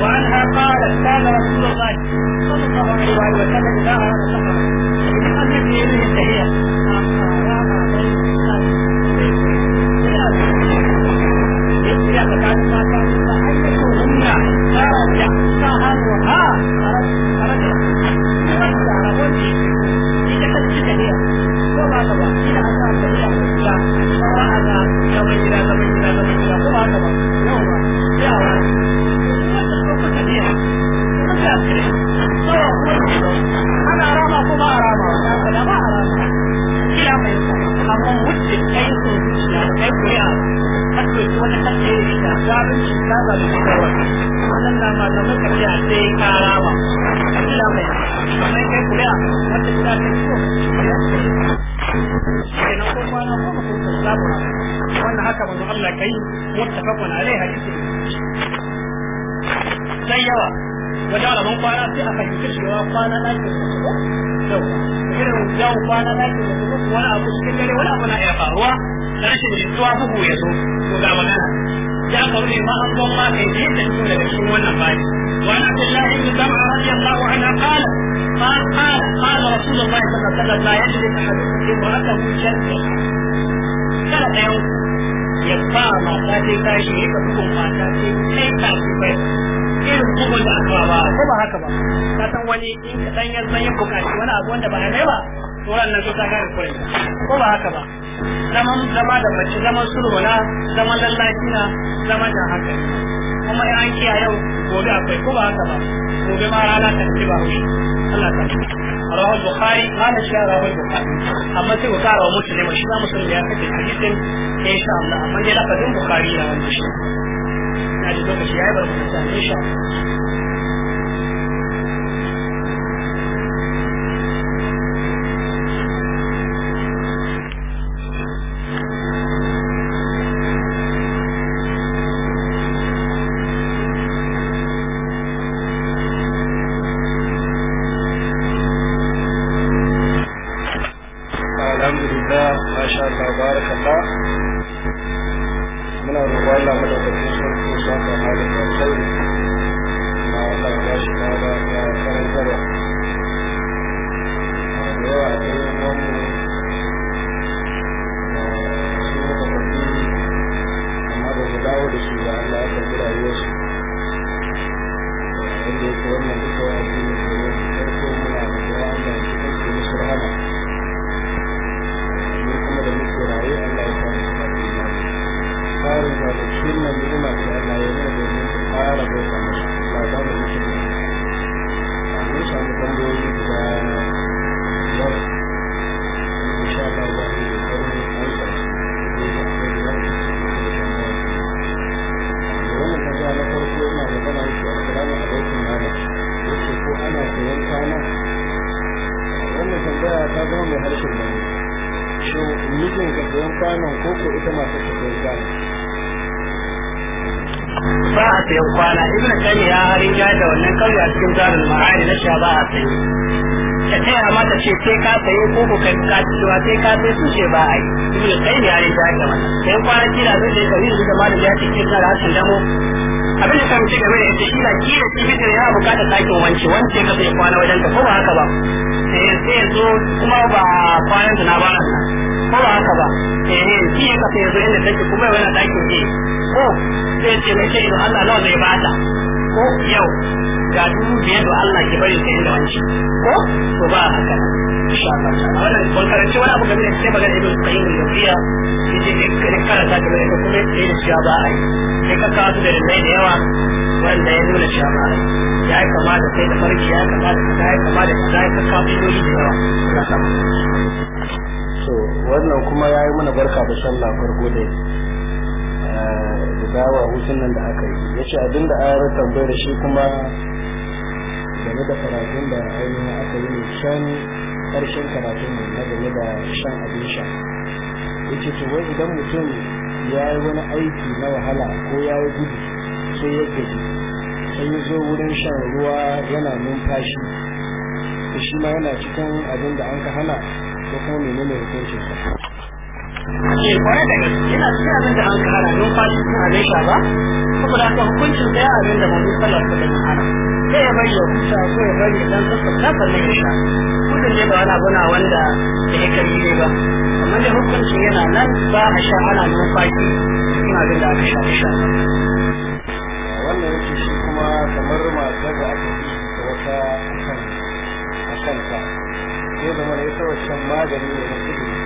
wa an ha fara kana rasulullahi sallallahu alaihi wa sallam da ha sallam ta annabi ya yi ta Yeah.
a fahimci cewa kwana ɗakin mutu ko yau irin yau kwana ɗakin mutu ko wani abu cikin dare wani abu na iya faruwa da rashin jituwa bugu ya zo ko ga magana ya faru ne ma an ban ma kai ne da cikin daga cikin wannan bayi wa na billahi ibn zam'a radiyallahu anha qala قال قال قال رسول الله صلى الله عليه وسلم
لا يجلس احدكم امرأته جنة كان يوم يبقى ما تاتي تاجي يبقى ما تاتي تاجي irin kuma da
aka ba ko ba haka ba ka san wani in ka dan yan yan bukaci wani abu wanda ba ne ba to ran ta gane kure ko ba haka ba zaman zama da mace zaman surwana zaman lallaci na zaman da haka kuma in an kiya yau gobe akwai ko ba haka ba gobe ma rana ta ci ba haushi Allah ta rawar Bukhari ma da shi amma sai ku kara wa musulmi shi ma musulmi ya kace hadisin insha Allah amma dai lafazin Bukhari na
na da lokaci ya yi barkuta ne sha
Sai ko ko kai ka cewa sai ka sai su ce ba ai ibn qayyim ya rinda ka mana sai kwanaki da zai kai kawai da malam ya ce kika da hasan damo abin da kamar game da yake shi na kila cikin da ya bukata sakin wance wance ka zai kwana wajen ka ko ba haka ba eh, sai sai zo kuma ba kwanan da na ba ko ba haka ba eh shi ka sai zo inda take kuma yana
dakin ki. ko sai ce mai idan Allah nawa zai bata ko yau ga dubu biyar da Allah ke bari ka inda wance ko to ba haka ba. insha wannan
wani abu kuma ba da da yawa wanda ya ya yi
sai da farki wannan kuma yayi mana barka da sallah farko dai eh, da dawa hutun nan da aka yi yace abinda ayar tambayar shi kuma game da karatun da ainihin aka yi mai shani karshen karatun mu na game da shan abin sha yace to wai idan mutum ya yi wani aiki na wahala ko ya yi gudu sai ya gaji sai ya zo wurin shan ruwa yana numfashi to shi ma yana cikin abin da an ka hana ko kuma menene hukuncin sa eh kwarai da gaske yana cikin abin da an kara numfashi cikin abin sha ba saboda haka hukuncin da ya abin da manzo sallallahu alaihi wasallam
kara sai ya bari ya kusa ko ya bari dan sassafta sannan ne, sha mutum ne ba wani abu na wanda
da ya kalli ne ba amma dai hukuncin yana nan ba a sha ana numfashi cikin abin da aka sha da sha wannan yake shi kuma kamar matar da aka yi da wata akan akan ta sai zama ne kawai shan magani ne na kudi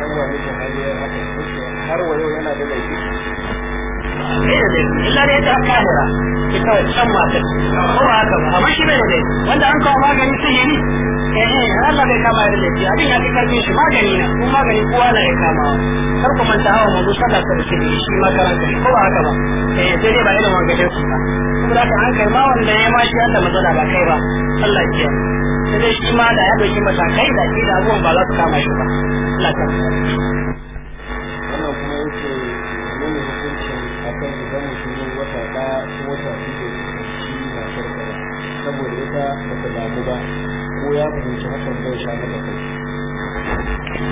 ɗan wa mishi har har wa yau yana da laifi illa dai ta kahira ita ko ba
amma shi bai da wanda an kawo magani sihiri eh Allah bai kama da abin
ya shi magani na ko magani kowa na ya kama kar ku manta hawa ta shi shi makaranta ko ba ba eh sai dai ba irin wanga dai ba saboda kai ma wanda ya ma shi Allah matsala ba kai ba Allah ya sai dai shi ma da ya dauki matakai da shi da
ba
za su kama shi ba Allah kan su zama shi ne wata ɗaya ko wata shi da shi na farko ba saboda ita ba ta damu ba ko ya fahimci hakan bai sha mata kai a ba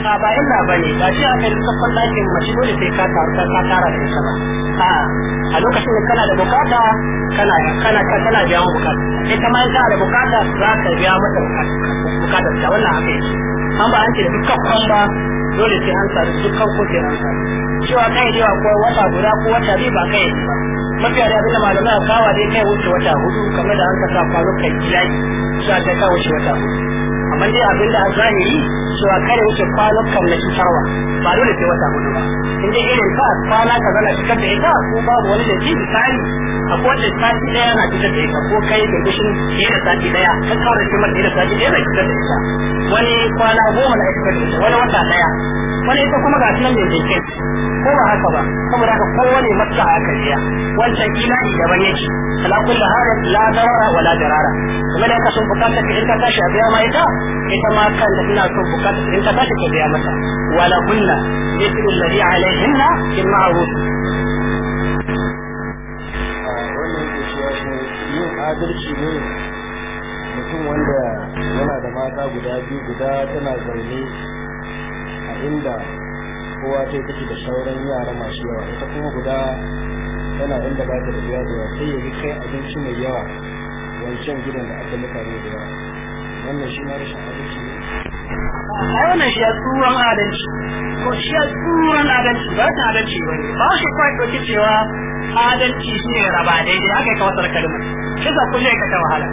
Na ba ne shi a kai kwan ɗakin mashi dole sai ka tara da
ita ba a lokacin da kana da bukata kana kana kana biya mu bukata ita ma in kana da bukata za ka biya mata bukata ta wannan haka yake an ba an ce da dukkan ba dole sai an sadu dukkan ko sai an sadu cewa kai da ko wata guda ko wata biyu ba kai ba mafiya da abin da malamai a kawa dai kai wuce wata hudu kamar da an ka sa kai kiyayi sai ta kawo shi wata hudu amma dai abin da a zahiri cewa kare wuce kwanukan na cutarwa ba dole sai wata hudu ba in dai irin ka kwana ka zana cikar da ita ko babu wani da ke misali a kowace sati daya na cikar da ita ko kai da gushin fiye da sati daya ka kawar da kimar fiye da sati daya na cikar da ita wani kwana goma na cikar da ita wani wata daya wani ita kuma ga nan mai jikin ko ba haka ba saboda haka kowane masu a kariya wancan imani daban yake ala kullu harin la darara wala darara kuma da ka sun bukatar ka in ka tashi a biya ma ita ita ma kan da ina son bukata in ka tashi ka biya mata wala hunna da alladhi alaihinna bil ma'ruf
wannan ke cewa yin adalci ne mutum wanda yana da mata guda biyu guda tana zaune a inda kowa ta take da sauran yara masu yawa ita kuma guda tana inda ba ta da biya da yawa sai ya kai abinci mai yawa wancan gidan da aka mutane da yawa wannan shi ma rashin adalci ne ai wannan
shi ya tsuran adalci ko shi ya adalci ba ta adalci ba ne ba shi kwai ɗauki cewa adalci shi ne raba daidai haka ka wasar kalmar shi za ku je ka ta wahala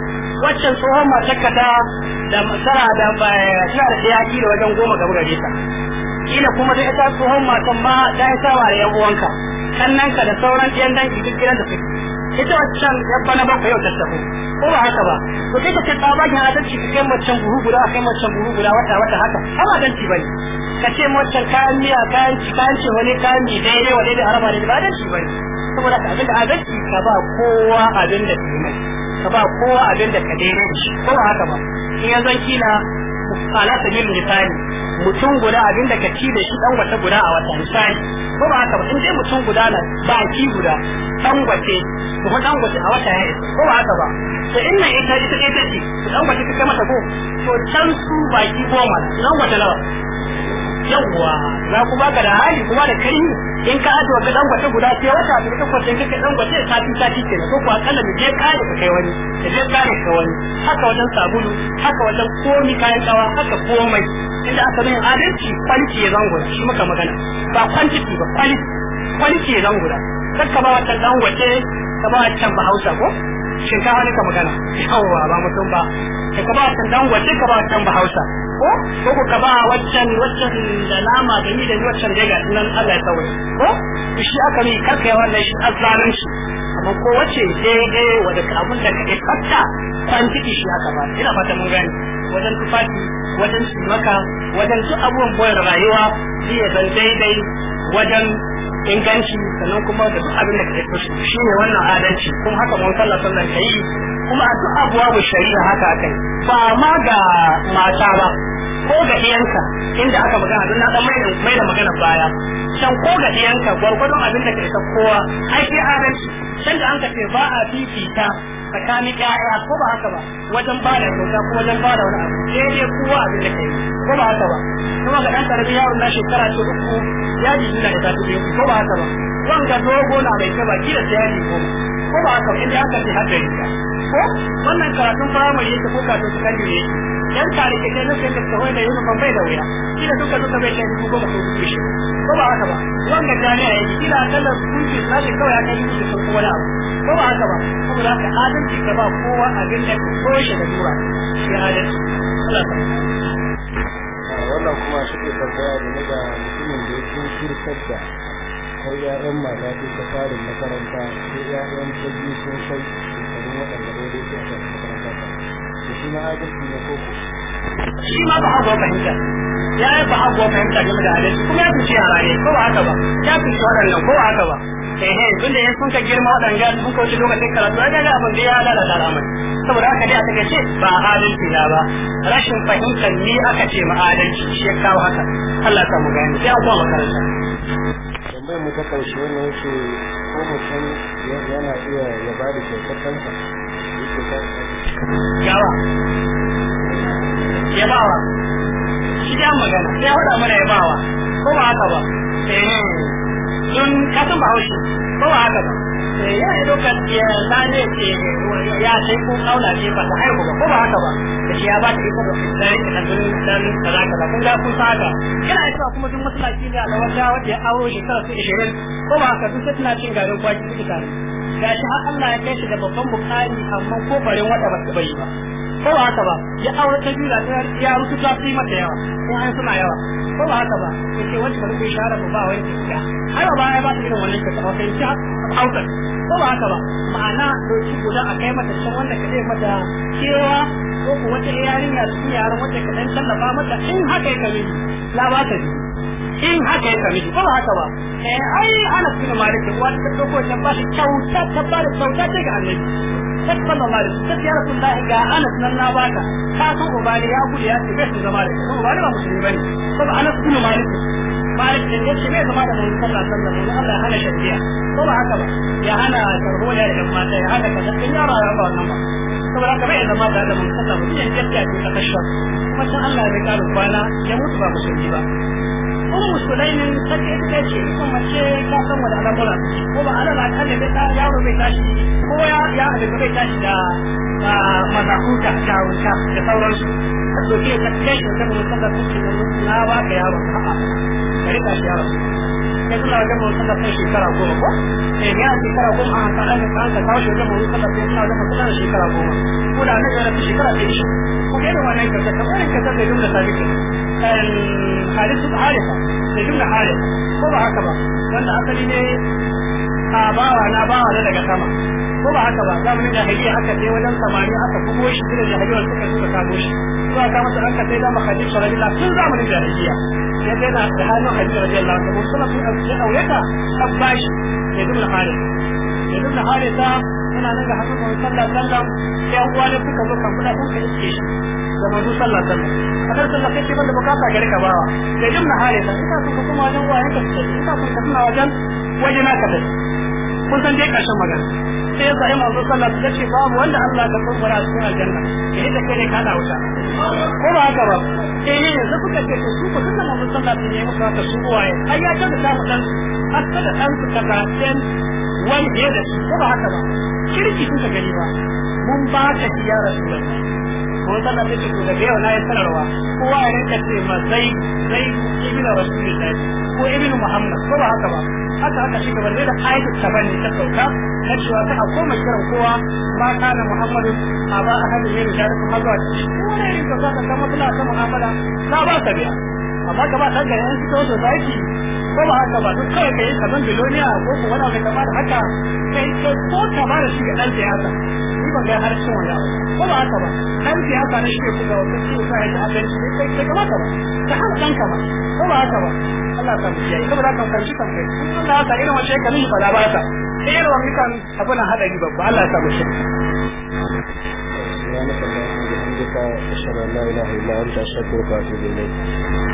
waccan tsohon matakka ta da tana da tana da tsayaki da wajen goma ga gare ta kila kuma da ita tsohon matan ma ta yi sawa da yan uwanka sannan ka da sauran ɗiyan danki duk gidan da suke ita waccan ya bana bakwai yau ta tafi ko ba haka ba to kai ka ce tsabagen adalci ka kai macen buhu guda a kai macen buhu guda wata wata haka amma dan ci bai ka ce wancan kayan miya kayan ci kayan ce wani kayan mi dai wa da araba ne ba dan ci bai saboda ka abinda adalci ka ba kowa abinda da ka ba kowa abinda ka daidai ko ba haka ba in yanzu kina ta yi misali mutum guda abinda ka ci da shi dan wata guda a wata misali ko ba haka ba in dai mutum guda na ba ki guda dan wace ko ba dan wace a wata yayi ko ba haka ba to inna ita ita ita ce dan wace ta kai mata ko to can su baki goma dan wata lawa yawwa za ku baka da hali kuma da kai in ka ajiye ka dan gwace guda sai wata da kuka kwace kake dan gwace sati sati ke ko ku akalla mu je kare ka kai wani ka je kare ka wani haka wannan sabulu haka wannan komi kayan tsawa haka komai inda aka yin adalci kwaliti ya zango shi muka magana ba kwantiti ba kwaliti kwaliti ya zango da ka ba wata dan gwace ka ba wata ba hausa ko shinkafa ne ka magana yawwa ba mutum ba ka ba wata dan gwace ka ba wata ba hausa ko ko ku ka ba waccan waccan da nama da ni da ni waccan da ga nan Allah ya tsawaye ko to shi aka yi yawan da shi azzalin shi amma ko wacce daidai wanda ka abun da kake fatta ciki shi aka ba ina fata mun gani wajen tufafi wajen maka wajen su abubuwan boyar rayuwa zai zan daidai wajen inganci sannan kuma da abin da kake so shi ne wannan adalci kuma haka mun sallah ta yi. kuma a duk abuwa shari'a haka akai ba ma ga mata ba ko ga ɗiyanka inda aka magana don na ɗan mai da magana baya can ko ga ɗiyanka gwargwadon abin da kai kowa ai sai adalci can da an ka ce ba a fifita tsakanin ƴaƴa ko ba haka ba wajen ba da kyauta ko wajen ba da wani abu sai dai kowa abin da kai ko ba haka ba kuma ga ɗan karami yaron na shekara ce uku ya ji ina da tafi biyu ko ba haka ba ga dogo na mai kaba gida ta yaji ko ko ba haka ba inda aka ce haɗari ko wannan karatun firamare yake ko karatun sakandare yake yan tare ke kai nufin da da wani yi ban bai da wuya kila duka duka bai kai dubu goma ko dubu shi ko ba haka ba wanda jami'a ya kila kala kunci sai kawai aka yi da sun wani abu ko ba haka ba kuma za haka adalci ka ba kowa
abin da ka koyi da dura shi adalci Allah ka wannan kuma shi ke tambaya game da mutumin da yake shirkar da kai yaran mata ke ta tarin makaranta sai yaran ta biyu sun sai shekarun waɗanda daidai ke a makaranta ba da shi na adalci ne ko kuma shi ma ba hagu fahimta
ya yi ba hagu fahimta game da hadisi kuma ya fice yara ne ko ba haka ba ya fice waɗannan ko ba haka
ba eh eh tun da sun ka girma waɗanda sun kauce lokacin karatu ya ga abin da ya lalata al'amari saboda haka dai a take ce ba a adalci na ba rashin fahimtar ni aka ce ma adalci
shi ya kawo haka Allah ya samu gani sai an kuma makaranta
tambayar mu ta karshe ne yake ko mutum yana iya ya ba da kyautar kansa yawa ya bawa
shi ta
magana sai faɗa mana ya bawa ko ba haka ba eh sun kasan ba haushi ko ba haka ba eh, ya yi dokar ya zane ce ya sai ko kaula ce ba ta haihu ba ko ba haka ba da eh, shi ya ba ta iko da fitare ta kan dan kun ga kun saka yana cewa kuma duk masallaci ne a gaban da wanda ya shi shekara su 20 ko ba haka duk sai tana cin garin kwaki suke tare gashi har Allah ya kai shi da babban bukari amma ko barin wada ba bai ba ko ba haka ba ya aure ta jira ta ya rutu ta fi mata yawa ko an suna yawa ko ba haka ba yake wani ba zai shara ba wai ta har ba ya ba ta irin wannan ta wata ta auta ko ba haka ba ma'ana doki guda a kai mata can wanda ka mata cewa ko ko wata yarinya su yaran wata ka dan tallafa mata in haka ya kare la ba ta in haka ya sami shi haka ba eh ai ana cikin malikin wani ta doko ta ba shi kyauta ta ba da kyauta ta ga annabi ta alaihi da ya rasulullahi ga ana sunan na baka ka san ubali ya gudu ya ce bai sun zama da kuma ubali ba musulmi bane saboda ana bin malikin malik da yace me zama da mai sallah sallah ne Allah ya hana shari'a ko ba haka ba ya hana tarho da yan mata ya hana kaza kin yara ya ba wannan ba saboda haka bai zama da mai sallah ba yin gaskiya ce ta kashe mutum Allah ya karu kwana ya mutu ba musulmi ba kuma musulai ne sai ita ce ko mace ka san wani al'amura ko ba alama kan da ta yaro bai tashi ko ya ya da bai tashi da mazakuta da wuta da sauransu ka doke ka kai da mutum da kuke da mutum na ba ka yaro rika ko ba haka ba haka aka wajen samani aka kuma shi da jahiliyar suka suka kamo shi zuwa ga masa ranka sai da ma Khadija radiyallahu anha tun zamanin jahiliya ya sai da da hannun Khadija radiyallahu anha mun suna sun a ta abbash ya dubna haris ya dubna harisa yana nan ga hannun Muhammad sallallahu alaihi sai an uwa ne suka zo kan kuɗa ka shi da manzo sallallahu alaihi kadar sallallahu alaihi wasallam da bukata gare ka bawa ya dubna harisa ita sun kuma wajen uwa yanka su ita sun kuma wajen wajen naka kun san dai karshen magana sai yasa imam zo sallah ta ce babu wanda Allah ka kumbura a cikin aljanna ya ita kai ne ka da wuta ko ba haka ba eh yanzu kuka ce to su ko tunda mun sallah ta ne muka ta su waye ai ya ta ta mutan hatta da dan su kaza dan wani biye da su ko ba haka ba kirki kuka gani ba mun ba ta ya rasulullah kuma sallah ta da daga yau na yi sanarwa kowa ya rinka ce ma zai zai ibnu rasulullahi ko ibnu muhammad ko ba haka ba haka haka shi gaba da ayatul tabani ta sauka ta cewa ta koma kiran kowa ba kana muhammadu a ba a hadin yin da kuma zuwa ko ne rinka zaka kama kula ta mu'amala ta ba ta biya amma ka ba ɗanka yan cikin wasu zaki ko ba haka ba duk kawai kai kaman biloniya ko ko wani abu kamar haka kai ko ko ka ba shi ga siyasa ni ban ga harshen wani abu ko ba haka ba siyasa ne shi kuka wata ciwo sa ya ta ne sai kai kamata ba ka hana ɗanka ba ko ba haka ba Allah ka mu kiyaye saboda kan shi kan kai kun irin wace ka nuna bala ba ta wani kan abu na haɗari babba Allah ya sa
سبحانك اللهم وبحمدك اشهد ان لا اله الا انت استغفرك واتوب